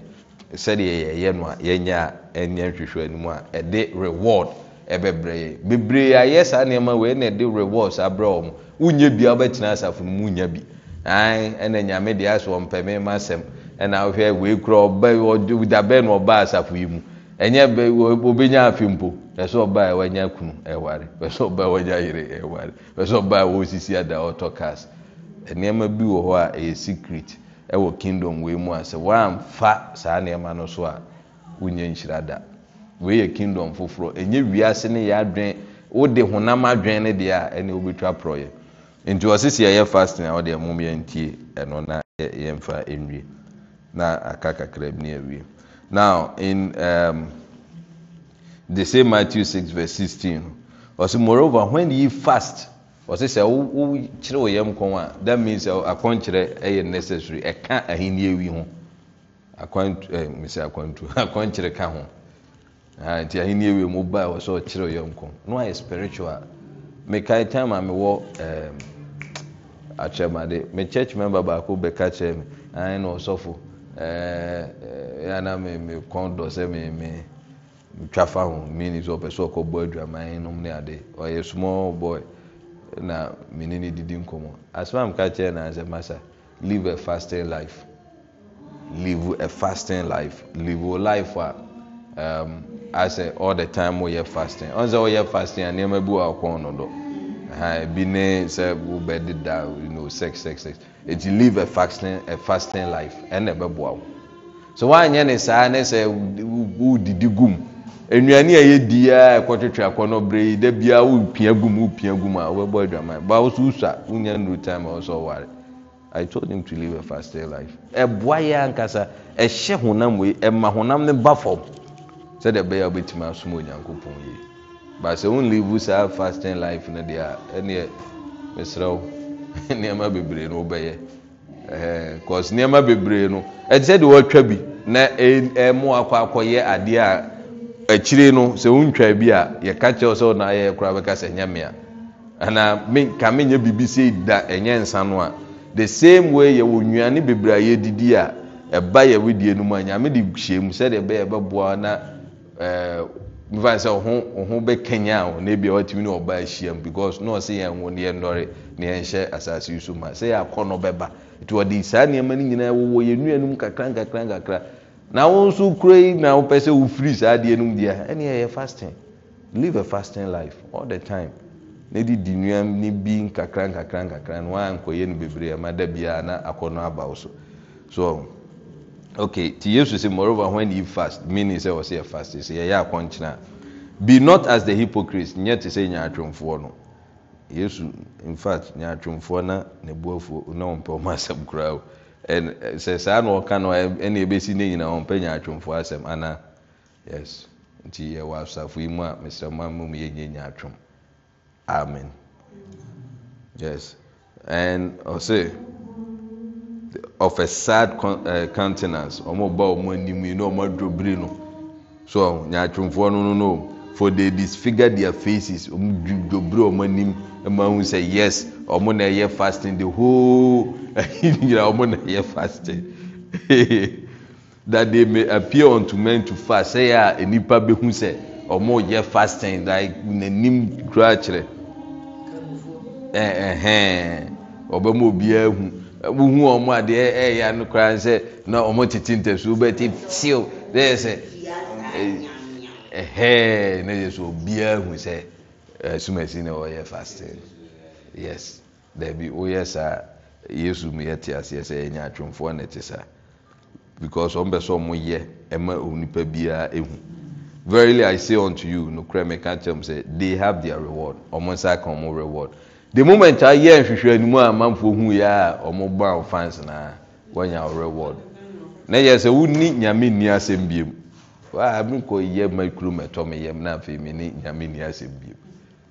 yɛ sɛdeɛ yɛyɛ no a yɛnyɛ a ɛnyɛ nhwehwɛ anim a ɛde reward bɛbrɛ yɛ bebree ayɛ saa nnoɔma wei ne de rewards abrɛ wɔ m wonya bia wobɛtena asafo no munya bi ɛna nyame deɛ asɛ ɔmpɛme ma asɛm ɛna wohwɛ wei kora dabɛ no ɔba asafo yi mu ɛyɛɔbɛnya afe mpo pɛ sɛ ɔba a wanya kunu ware pɛ sɛ ɔba wanya yere ware pɛ ɔba a wɔsisi ada ɔtɔ cars nnoɔma bi wɔ hɔ a ɛyɛ secret ɛwɔ kingdom wei mu a sɛ woamfa saa nnoɔma no so a wonya nhyira da wei yɛ kingdom foforɔ ɛnyɛ wiase ne yɛ adwen wode honam adwen ne deɛ a ɛne wobɛtwa prɔyɛ nti ɔsesi ɛyɛ fastin a ɔde mom yɛntie ɛno na yɛmfa nwie na aka kakra bi ne awie now in um, the same Matthew 6 verse 16 ɔsi moreover when ye fast ɔsi sɛ wokyerɛ wo yam kɔn a that means akɔnkyerɛ ɛyɛ necessary ɛka ahenni ewi ho akɔntu eh, ɛ mesi akɔntu akɔnkyerɛ ka ho. nti ahenni awie mu ba wɔ sɛ ɔkyerɛ yam nkɔm no ayɛ spiritual mekae time a mewɔ ehm, akyerɛmade me church member baako bɛka kyerɛ me ahen na ɔsɔfo ɛna eeh, eeh, me me kɔn dɔ sɛ me me twa fa ho mini sɛ ɔpɛ sɛ ɔkɔbɔ adwaman nom ne ade ɔyɛ small boy na me ne ne didi nkɔmɔ asoma meka kyerɛ na sɛ masa live a fasting life live a fasting life live a life a. Um, asɛ all the time woyɛ fasting ɔn sɛ woyɛ fasting a nneɛma bi wɔ akɔn no do ebi ne sɛ wobɛdeda you know sex sex sex eti live a fasting a fasting life ɛna ɛbɛboa wo so wanyɛ ne saa ne sɛ wodidi gum nnuane a yɛdi a ɛkɔtwetwe akɔnɔ bere yi da bia wopia gum wopia gum a wobɛbɔ adwaman ba wo so wosua wonya no time a wo sɛ ɔware I told him to live a fasting life ɛboa yɛ ankasa ɛhyɛ honam wei ɛma honam ne ba fam sɛdeɛ ɛbɛyɛ a wobɛtumi asom onyankopɔn yi but sɛ wonlive saa fasting life no uh-huh, deɛ a ɛneɛ mesrɛ wo nneɛma bebree no wobɛyɛ cause nneɛma bebree no ɛte sɛdeɛ wɔatwa bi na ɛmo akɔ akɔyɛ adeɛ a akyire no sɛ wontwa bi a yɛka kyerɛw sɛ wonaayɛyɛ koraa bɛka sɛ nyɛ mea anaa ka menyɛ biribi sei da ɛnyɛ nsa no a the same way yɛwɔ nnuane bebree a yɛdidi a ɛba yɛwedie no mu a nyame de hyɛ mu sɛdeɛ ɛbɛyɛ bɛboa na Eh, mfa sɛ ho bɛkanyaa ɔne a watumi ne ɔba ahyiam because ne ɔsɛ yɛ wo ne yɛnnɔre ne yɛnhyɛ asase yi so ma sɛ yɛ akɔ no bɛba nti ɔde saa nnoɔma no nyinaa wɔwɔ yɛnnuanom kakrankakranakra na wo nso kora yi na wopɛ sɛ wofiri saa adeɛ nom deɛ a ɛneɛyɛ fastin live a fasting life all the time ne de di nnua ne bi nkakrankakra nkakra no waankɔyɛ no bebree ama da biaa na akɔ no abawo so so okay ti yesu say moreover when you fast meaning say ɔsɛ yɛ fast sɛ yɛyɛ akɔnkyena be not as the hypocrites nyɛ te sɛ nyaatwomfoɔ no yesu in fact nyaatwomfoɔ na ne bu afuo na wɔn pɛ wɔn asɛm koraa o ɛn eh, sɛ saa na ɔka no ɛna eh, ebesi ne nyinaa wɔn pɛ nyaatwomfoɔ asɛm ana yes nti yɛwɔ asafo yi mu a mesrɛ mo ama mu yɛnyɛ nyaatwom amen yes and ɔsɛ of a sad eh, countenance ọmọ ọba ọmọ anim yi na ọmọ adwobiri no so nyaatwomfoɔ no no no, for they disfigure their faces ọmọ dwobiri ọmọ anim ɛmɔ ahun sɛ yes ɔmọ na ɛyɛ fasting the whole ɛyinira ɔmọ na ɛyɛ fasting that they may appear unto men to fast ɛyɛ a ah, nipa bi hu sɛ ɔmɔ yɛ fasting like n'anim kura kyerɛ ɛhɛn ɔbɛn mu obiara hu wohu ɔ mo adeɛ ɛyɛ no koraa sɛ na ɔmo tete ntasuo bɛti tiew dɛyɛ sɛ ɛhɛɛ ne yɛ sɛ obiara hu sɛ asumasi na ɔyɛ fasting yes dɛbi woyɛ saa yesu mu yɛ te aseɛ sɛ ɛnyɛ atwomfoɔ na ɛte saa because ɔmo bɛ sɛ ɔmo yɛ ɛma onipa biara ehu verily i say unto you nukura mi ka kyerɛ mu sɛ they have their reward ɔmo nsa ka ɔmo reward the moment a yɛ nhwehwɛ anim a amanfoɔ hu yɛ a ɔmo bɔ a fans na wɔnya reward na yɛ sɛ wonni nyame nni asɛm biem waa mi kɔ yɛ ma kurom mi yɛm na afei mi ni nyame nni asɛm biem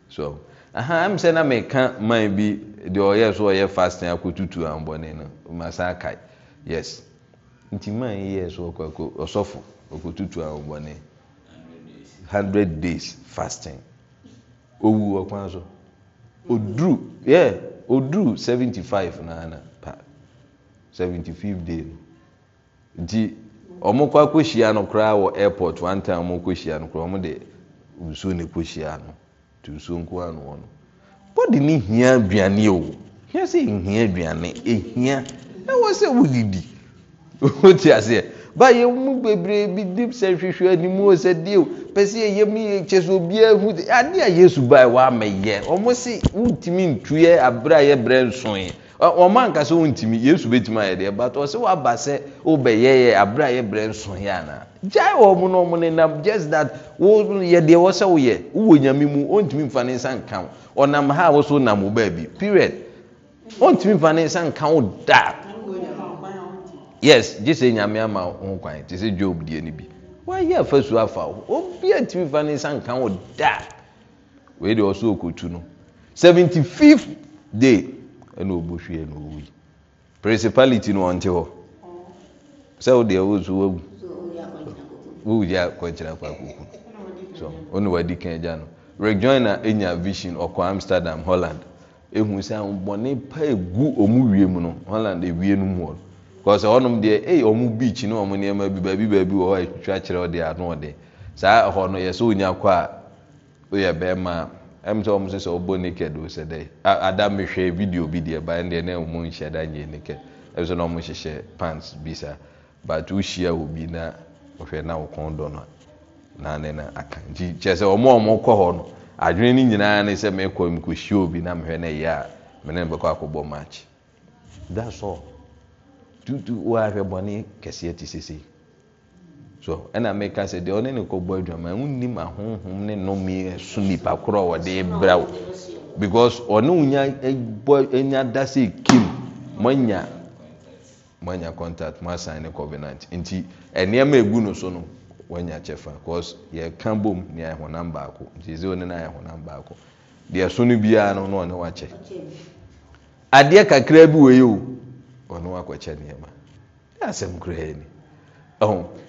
so aha am sɛ na mi ka man bi deɛ ɔyɛ so ɔyɛ fasting akotutu ambɔne no ma sa kae yes nti man yi yɛ so ɔkɔ ɛkɔ ɔsɔfo ɔkotutu ambɔne hundred days fasting owu ɔkwan so. ɔduruu 75 noana pa 75 day no nti akɔhyia no koraa wɔ airport anta ɔmokɔhyia no koraa ɔmode nsuo ne kɔhyiaa no nti nsuo nkoa noɔ no bɔde ne hia aduane o hia sɛ ɛhia aduane ɛhia ɛwɔ sɛ aseɛ ba yɛn mu bebree bi nim sɛ hwehwɛ anim o sɛ deɛ o pɛ sɛ yɛyɛ mu yɛ kyɛ sɛ obiara hu ade a yesu ba wɔ ama yɛ wɔn si wuntumi ntuɛ abere a yɛbrɛ nsonye wɔn ankasa wuntumi yesu betumi ayɛ deɛ but ɔsɛ waba sɛ ɔbɛyɛ yɛ abere a yɛbrɛ nsonye ana gyae wɔn na wɔn nenam just that wɔn yɛ deɛ wɔsɛ wɔyɛ wɔ nyame mu ɔntumi nfa ne nsa nka wo ɔnam ha a wɔsɔ nam wo baabi period ɔntumi nfa ne nsa nka wo daa yes gye sɛ nyame ama ho kwan te sɛ dwob deɛ no bi wayɛ afasuo afa wo obia ntimi fa ne nsa nka wo da wei deɛ ɔso ɔkɔtu no 75th day ɛna ɔbɔ hwie no ɔwui principality no ɔnte hɔ sɛ wodeɛ woso wawu wowuya kɔnkyerɛ kɔ akoko so ɔne wadi ka agya no rejoina ɛnya vision ɔkɔ amsterdam holland ɛhu sɛ ahobɔne pa ɛgu ɔmu wie mu no holland ɛwie no mu hɔ no bcause ɔnom deɛ ɔmo beach ne ɔmo nnoɔma bi baabi baabi wɔ hɔ atwitwa kyerɛ wo ano ɔde saa no a woyɛ bɛmaa m sɛ ɔmo naked sɛ ada video bi deɛ ban deɛ ɔmo nhyɛ nyɛ naked sɛ na ɔmo hyehyɛ pants bi sa but wohyia wɔ bi na ɔhwɛ na wo dɔ no naane na aka nti kyerɛ sɛ ɔmo no adwene nyinaa obi na a woahwɛ bɔne kɛseɛ te sesei so ɛna meka sɛ deɛ ɔne ne kɔbɔ adwama wonnim ahohom ne nnome so nnipa korɔ a wɔde brɛ wo because ɔne wonya ɛnya da sɛ kim moanya moanya contact moasan ne covenant nti ɛnnoɛma eh, ɛgu no so no wanya kyɛfa cause yɛka bom ne ayɛhonam baako nti ɛsɛ one no ayɛhonam baako deɛ so no biara no na ɔne wakyɛ adeɛ kakraa bi wɔ yi o ɔno akɔkyɛ nnoɔma ɛ asɛm koraa ni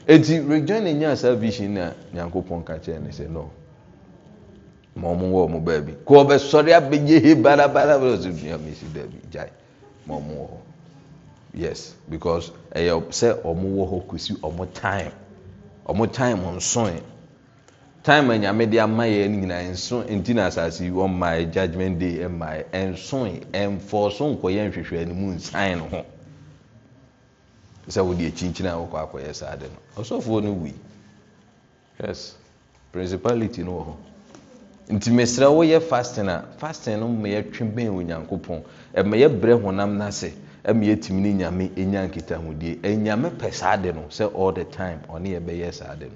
eti rejoine nyaa saa vision a nyankopɔn ka kyerɛ no sɛ no ma ɔmowɔ ɔ mo baabi kɔ ɔbɛsɔre abɛgye he barabarabasɛduamesi daabi gyae ma ɔmowɔ hɔ yes because ɛyɛ sɛ ɔmowɔ hɔ kɔsi ɔmo time ɔmo time nsoe time anyame de ama yɛ no nyinaa nso nti na asase yi ɔmmaɛ judgment day mmaɛ ɛnsoe ɛmfɔɔ so nkɔyɛ nhwehwɛ no mu nsan no ho sɛ wode akyinkyini a wokɔ akɔyɛ saa de no ɔsɔfoɔ no wui yes principality no wɔ hɔ nti mesrɛ woyɛ fastin a ah. fastin no ma yɛtwe bɛn ɛmɛ ɛma yɛbrɛ honam no ase ma yɛtumi no nyame ɛnya eh, nkitahodie ɛnyame eh, pɛ saa de no sɛ all the time ɔne eh, yɛbɛyɛ saa de no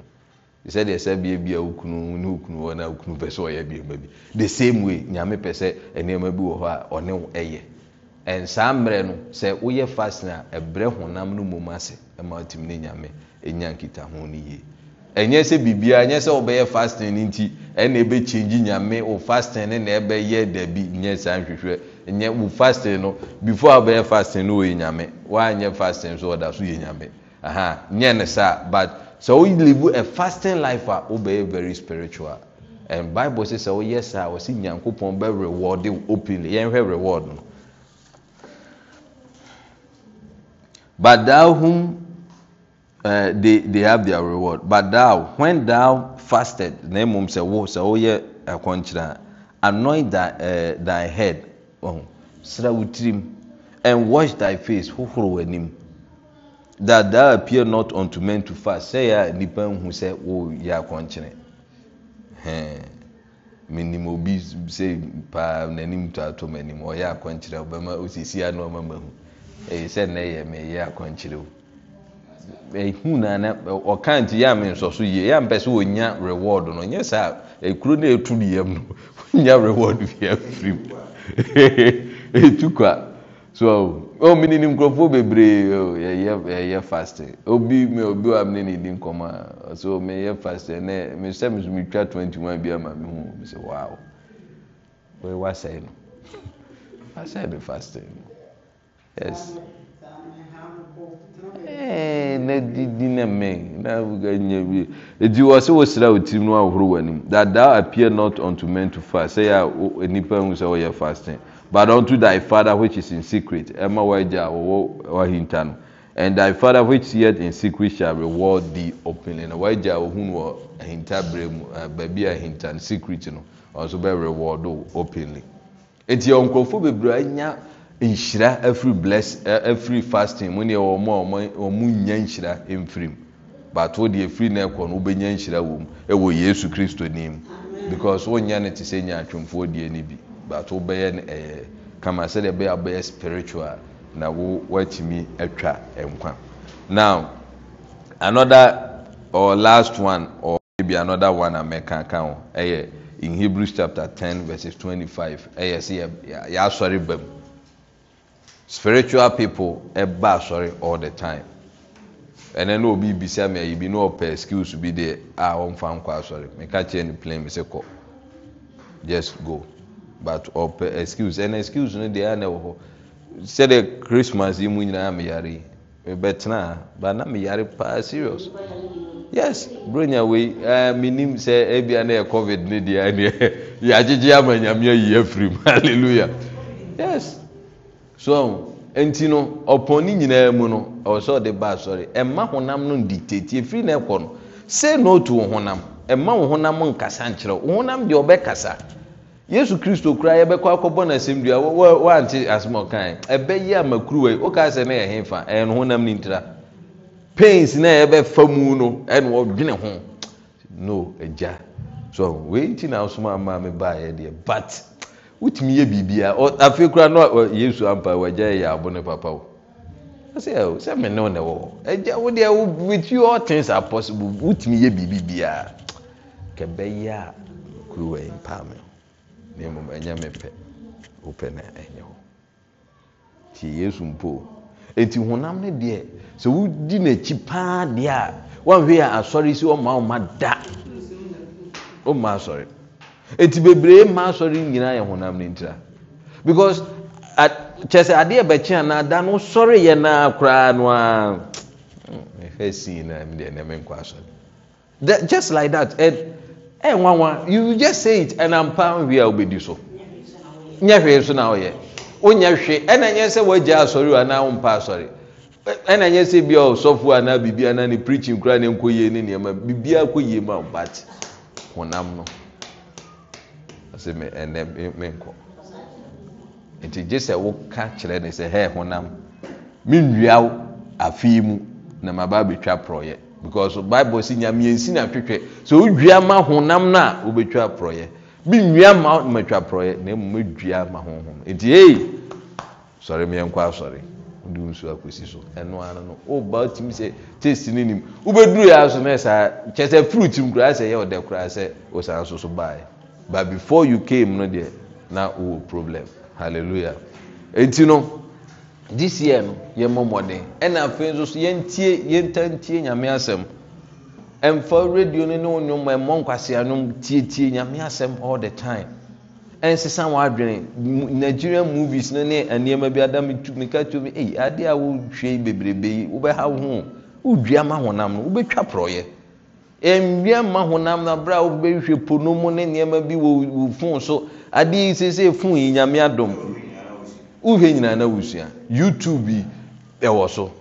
sɛdeɛ sɛ bie bi a wokunu ne wokunu hɔ na wokunu pɛ sɛ ɔyɛ nneɛma bi the same way nyame pɛ sɛ nneɛma bi wɔ hɔ a ɔne wo ɛyɛ nsaa mmerɛ no sɛ woyɛ fasten a ɛbrɛ honam no mmom ase ma wotim ne nyame ɛnya nkitaho no yie ɛnyɛ sɛ biribiara nyɛ sɛ wobɛyɛ fasten no nti ɛna ɛbɛkyɛngyi nyame wo fasten no na ɛbɛyɛ dabi nyɛ saa nhwehwɛ nyɛ wo fasten no before a wobɛyɛ fasten no wɔyɛ nyame woanyɛ fasten so ɔda so yɛ nyame aha nyɛ ne saa but sɛ live a fasting life We ah, oh, wobɛyɛ very spiritual and bible sɛ sɛ woyɛ saa a wɔsi nyankopɔn bɛ reward openly yɛnhwɛ reward no but thou whom uh, they they have their reward but thou when thou fasted na mum sɛ wo sɛ oh akɔnkyerɛ anoint thy uh, thy head ɔn wo tirim and wash thy face hohoro w'anim. that thou appear not unto men to fast sɛ yɛ a nipa nhu sɛ wɔyɛ akɔnkyerɛ hɛn menim obi sɛ paa n'anim to ato m'anim ɔyɛ akɔnkyerɛ ɔbɛma osisi ano ɔma ma hu ɛyɛ sɛ nɛ yɛ mɛ yɛ akɔnkyerɛ o ehu nana ɔka nti yɛ ame nsɔso yie yɛ mpɛ sɛ wonya reward no nyɛ saa ekuro na etu ne yam no wonya reward bi afiri mu etu kwa so. Oh, meninim kurɔfoɔ bebreeyɛyɛ oh, fasten biamneneninkɔm as meyɛ fasten nmesɛ momtwa 21 biamamhssɛe sɛe nofaɛdi wɔ sɛ woserɛ a ɔtirim no ahoro'anim tha da appear not unto manto fas sɛ yɛa nipa hu sɛ woyɛ fasten but unto thy father which is in secret ɛma wagya wɔwɔ wahinta no and thy father which yet in secret shall reward thee openly na wagya ohun wɔ ahinta bere mu uh, baabi ahinta no secret no ɔnso bɛ reward o openly eti nkurɔfoɔ bebree anya nhyira afiri bless afiri uh, fasting mu ne wɔn a wɔn nya nhyira mfiri mu bato deɛ firi na ɛkɔ no wobɛnya nhyira wɔ mu ɛwɔ yesu kristo nim because wɔn nya ne te sɛ nyaatwomfoɔ deɛ ne bi but wobɛyɛ no ɛyɛ kama sɛdeɛ ɛbɛyɛ abɛyɛ spiritual na wo watumi atwa nkwa now another or last one or maybe another one amɛka ka ho ɛyɛ in Hebrews chapter ten verses twenty-five ɛyɛ sɛ yɛasɔre bam spiritual people ɛba asɔre all the time ɛnɛ na obi bisa mi ayi bi na ɔpɛ skills bi deɛ a ɔnfa nkɔ asɔre mɛka kyerɛ ne plain mi sɛ kɔ just go. but ɔpɛ excuse ɛna excuse no deɛ ɛna ɛwɔ hɔ sɛdeɛ christmas yi mu nyinaa meyare yi mebɛtena eh, a but na meyare paa serious yes bronya wei eh, ɛɛ minim sɛ ebia eh, na yɛ covid ne deɛ ɛneɛ yɛagyegye ama nyame ayi efiri mu hallelujah yes so nti no ɔpɔn ne nyinaa mu no ɔwɔ sɛ ɔde ba asɔre ɛma honam no di tete efiri na ɛkɔ no say no to honam ɛma honam nkasa nkyerɛ honam deɛ ɔbɛkasa. yesu kristo koraa yɛbɛkɔ akɔbɔ no asɛmdua woante asm ɔkae ɛbɛyɛ amakuruwa yi wokaa sɛ ne yɛ hefa ɛyɛ no honam no ntira pains na yɛbɛfa mu no ɛne wɔdwene ho no agya so wei nti na wosoma amaa me baa yɛ deɛ but wotumi yɛ biribiaa afei koraa no yesu ampa wagya yɛ abo ne papa wo sɛ sɛ me ne wo ne wɔ agya wodeɛ with you all things are possible wotumi yɛ biribi biaa kɛbɛyɛ a kuruwa yi mpaa me yɛmepɛ wopɛ nɛ hɔ ntiyɛsu mpo nti honam no deɛ sɛ wodi nokyi paa deɛ a woahwe yɛ asɔre si ɔma oma da woma asɔre enti bebree ma asɔre nyinaa yɛ honam no ntira because kyɛrɛ sɛ adeɛ bɛkye anaada no sɔre yɛ noa koraa no asindeɛnmek mm, sɔ just like that ẹ eh, nwa you just say it ɛna mpa nwi a wobɛdi so nyɛ hwee so na ɔyɛ wonyɛ hwee ɛna nyɛ sɛ wɔagya asɔre anaa wompa asɔre ɛna nyɛ sɛ bia ɔsɔfoɔ anaa biribi anaa ne preaching koraa ne nkɔ yie ne nneɛma biribiara kɔ yie mu a but honam no ɔsɛ me ɛnɛ me nkɔ nti gye sɛ woka kyerɛ ne sɛ hɛ honam me nnua wo afei mu na maba abɛtwa porɔyɛ because bible si nyameyɛnsi no atwetwɛ sɛ wodua ma honam no a wobɛtwa porɔeɛ bi nnua ma matwa porɔeɛ na mmom dua ma honhom nti ei sɔre meyɛnkɔ asɔre wode nsu akɔsi so ɛno ara no woba tumi sɛ testi no nim wobɛduru yɛ so na saa kyɛ sɛ fruit nkoraa sɛ yɛ ɔdɛ koraa sɛ wosan so so baeɛ but before you came no there, na wowɔ problem hallelujah enti no gyeseɛ no yɛmmɔmmɔden ɛna afei nso so yɛntie yɛntantie nyame asɛm ɛmfa radio no ne wonwom ɛmmɔ nkwaseanom tietie nyame asɛm all the time ɛnsesa w'adwene nigeria movies no ne nnoɔma bi adam meka tumi ei adeɛ a wohwɛ bebrebe yi wobɛha wo ho wodua ma honam no wobɛtwa porɔyɛ ɛnwia ma honam no berɛ a wobɛhwɛ po no mu ne nnoɔma bi wɔ fon so adeɛ yi seesei fon yi nyame adom wohwɛ nyinaa na wosua youtube yi ɛwɔ so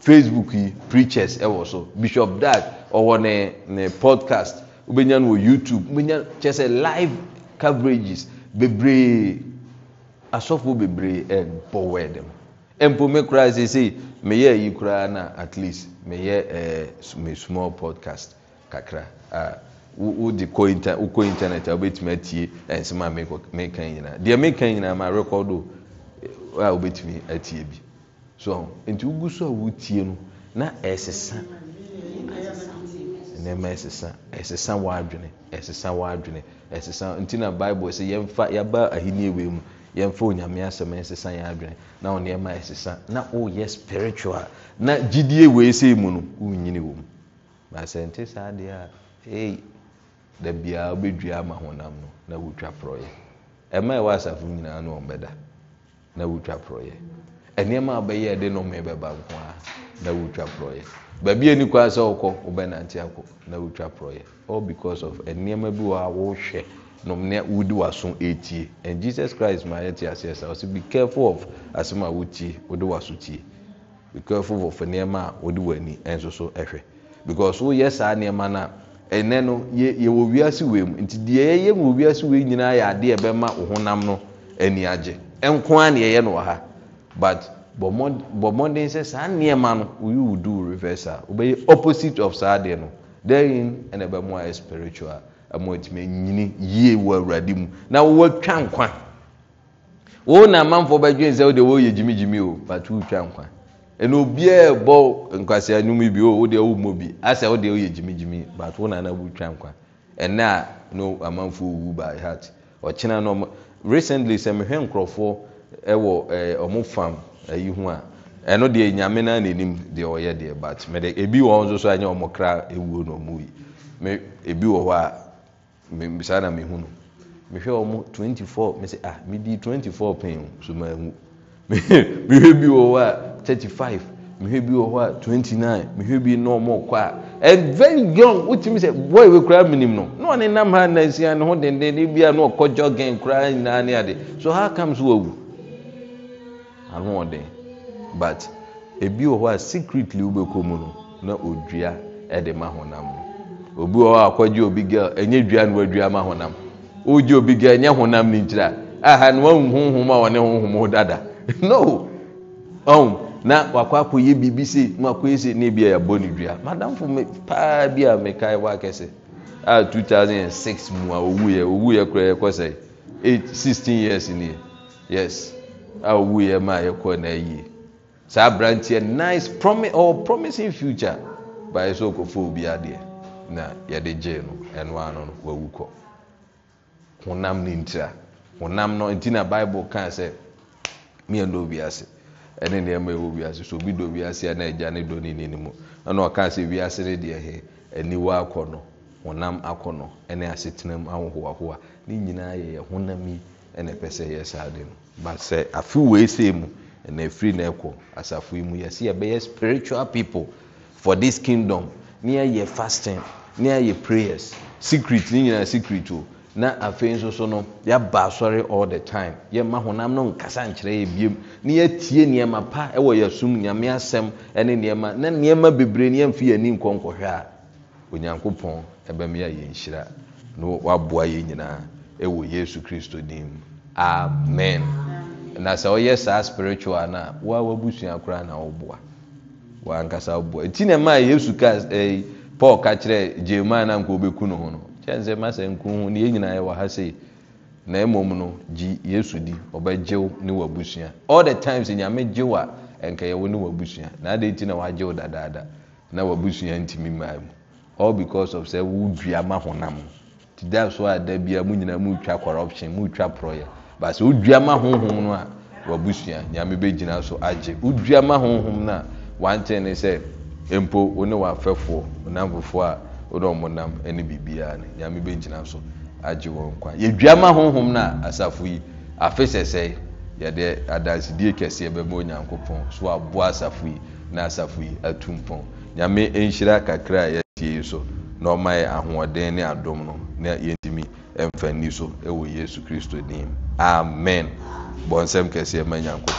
facebook yi preachers ɛwɔ so bishop dad ɔwɔ ne ne podcast wobɛnya no wɔ youtube wobɛnya kyɛ sɛ live coverages bebree asɔfoɔ bebree ɛbɔ wɛɛde mu mpome koraa seesei meyɛ yi koraa na at least meyɛ ɛɛ me small podcast kakra a wode kɔ inter wokɔ internet a wobɛtumi atie ɛnsɛm a meka nyinaa deɛ meka nyinaa ma rekɔdo a wobɛtumi atie bi so nti wogu so a wotie no na ɛsesa nnoɔma ɛsesa ɛsesa w'adwene ɛsesa w'adwene ɛsesa nti na bible sɛ yɛmfa yɛaba ahenni wei mu yɛmfa onyame asɛm ɛsesa yɛn adwene na wo nnoɔma ɛsesa na woyɛ spiritual na gyidie wei sei mu no wonyini wɔ mu baasɛ nte saa deɛ a ei da biara wobɛdua ama honam no na wotwa porɔyɛ ɛma ɛwɔ asafo nyinaa ne ɔmbɛda na wotwa prɔyɛ nnoɔma abɛyɛ de nome bɛba nko a na wotwa prɔyɛ baabi ani kwaa sɛ wokɔ wobɛnante akɔ na wotwa prɔyɛ all because of nnoɔma bi wɔ a wohwɛ nomne wodi waso ɛtie and jesus christ ma yɛte aseɛ sa ɔsɛ be careful of asɛm a wotie wode waso tie be careful of nnoɔma a wode w'ani nso so ɛhwɛ because woyɛ saa nnoɔma no a ɛnɛ no yɛwɔ wiase wei mu nti deɛ yɛyɛ mu wɔ wiase wei nyinaa yɛ adeɛ ɛbɛma nko na neɛyɛ no wɔ ha but bɔ mmɔden sɛ saa nnoɔma no woyi wo do reverse a wobɛyɛ opposite of saa deɛ no therein ɛna ɛbɛmo ayɛ spiritual ɛma atumi nyini yie wɔ awurade mu na wowɔatwa nkwa wo na amanfoɔ bɛdwene sɛ wodeɛ wɔyɛ gyimigyimi o but woretwa nkwa ɛnɛ obiaa bɔ nkwaseanom bi o wodeɛ wommɔ bi asɛ wodeɛ woyɛ gyimigyimi but wo nana twa nkwa ɛnɛ a no amanfoɔ ɔwu by heart ɔkyena no recently sɛ mehwɛ nkurɔfoɔ wɔ eh, ɔmo fam ɛyi ho a ɛno deɛ nyame no nenim deɛ ɔyɛ deɛ but mede ebi wɔ nso so anya ɔmo kra na no yi. me ebi wɔ hɔ a saa na mehu no mehwɛ ɔmo 24 mesɛ ah medi 24 pɛn so maahu mehwɛ bi wɔ hɔ a 35 mehwɛ bi wɔ hɔ a 29 mehwɛ bi na ɔmo kɔ a very young wotumi sɛ boy we koraa minim no na ɔne nam ha nansia ne ho dendenne bia na ɔkɔ jogging koraa na ne ade so how come so wawu ano ɔden but ebi wɔ hɔ a secretly wobɛkɔ mu no na odua ɛde ma honam no obi wɔ hɔ a akɔgye obi girl ɛnyɛ dua na wadua ma honam ogye obi girl ɛnyɛ nam ne nkyira aha a ho dada no na wakɔakɔyɛ biribi sei na wakɔyɛ sei ne bia yɛabɔ ne dua madamfo paa bi a meka mekae waakɛsɛ a 2006 mu a owu ɔwuiɛ ɔwuiɛ koraa yɛkɔ sɛ 16 years nie yes a owu ɔwuiɛ ma a yɛkɔ na ayie saa aberanteɛ nice promise or promising future baa sɛ ɔkɔfo obi adeɛ na yɛde gye no ɛno ano no wawu kɔ honam ne ntira honam no nti na bible kaa sɛ mmiɛndɔ obi ase ɛne nneɛma ɛwɔ wiase so obi do wiase a na agya ne dɔ ne ni ne mu ɛna ɔka sɛ wiase ne deɛ he aniwa akɔ no honam akɔ no ɛne asetenam ahohoahoa ne nyinaa yɛ yɛ honam yi ɛna ɛpɛ sɛ yɛ saa de no ba sɛ afi wei sei mu ɛna efiri na ɛkɔ asafo yi mu yɛsi yɛbɛyɛ spiritual people for this kingdom ne yɛyɛ fasting ne yɛyɛ prayers secret ne nyinaa secret o na afei nso so no yɛaba asɔre all the time yɛma honam no nkasa nkyerɛ yɛ biom ne yɛatie nnoɔma pa ɛwɔ yɛasom nyame asɛm ne nnoɔma na nnoɔma bebree no yɛmfi yɛani nkɔ nkɔhwɛ a onyankopɔn bɛma yɛ a na waboa yɛ nyinaa ɛwɔ yesu kristo dinmu amen na sɛ woyɛ saa spiritual na a woa wabusua koraa na woboa wankasa woboa ɛti ne maa yesu eh, paul ka kyerɛ gyemaa na nka wobɛku no ho no kyɛne sɛ masɛ nkohu ne yɛ nyinaa ha sei na mmom no gye yesu di ɔbɛgyew ne wabusua all the times nyame gyew a ɛnka yɛwo ne wabusua na adɛn nti na wagyew dadaada na wabusua ntimi mmaa mu all because of sɛ wodua ma honam nti da so a bia mu nyinaa corruption prɔyɛ ba sɛ ma no a wabusua nyame bɛgyina so agye wodua ma honhom no a wankyɛn ne sɛ mpo a wode ɔmonam ne biribiaa no nyame bɛgyinam so agye wɔ nkwa yɛdua ma honhom no a asafo yi afe sɛ sɛe yɛde adansedie kɛseɛ bɛma onyankopɔn so aboa asafo yi na asafo yi atu mpɔn nyame nhyira kakra a yɛatie yi so na ɔma yɛ ahoɔden ne adom no na yɛntimi mfa nni so wɔ yesu kristo nim amen bɔ nsɛm kɛseɛ ma nyankopɔn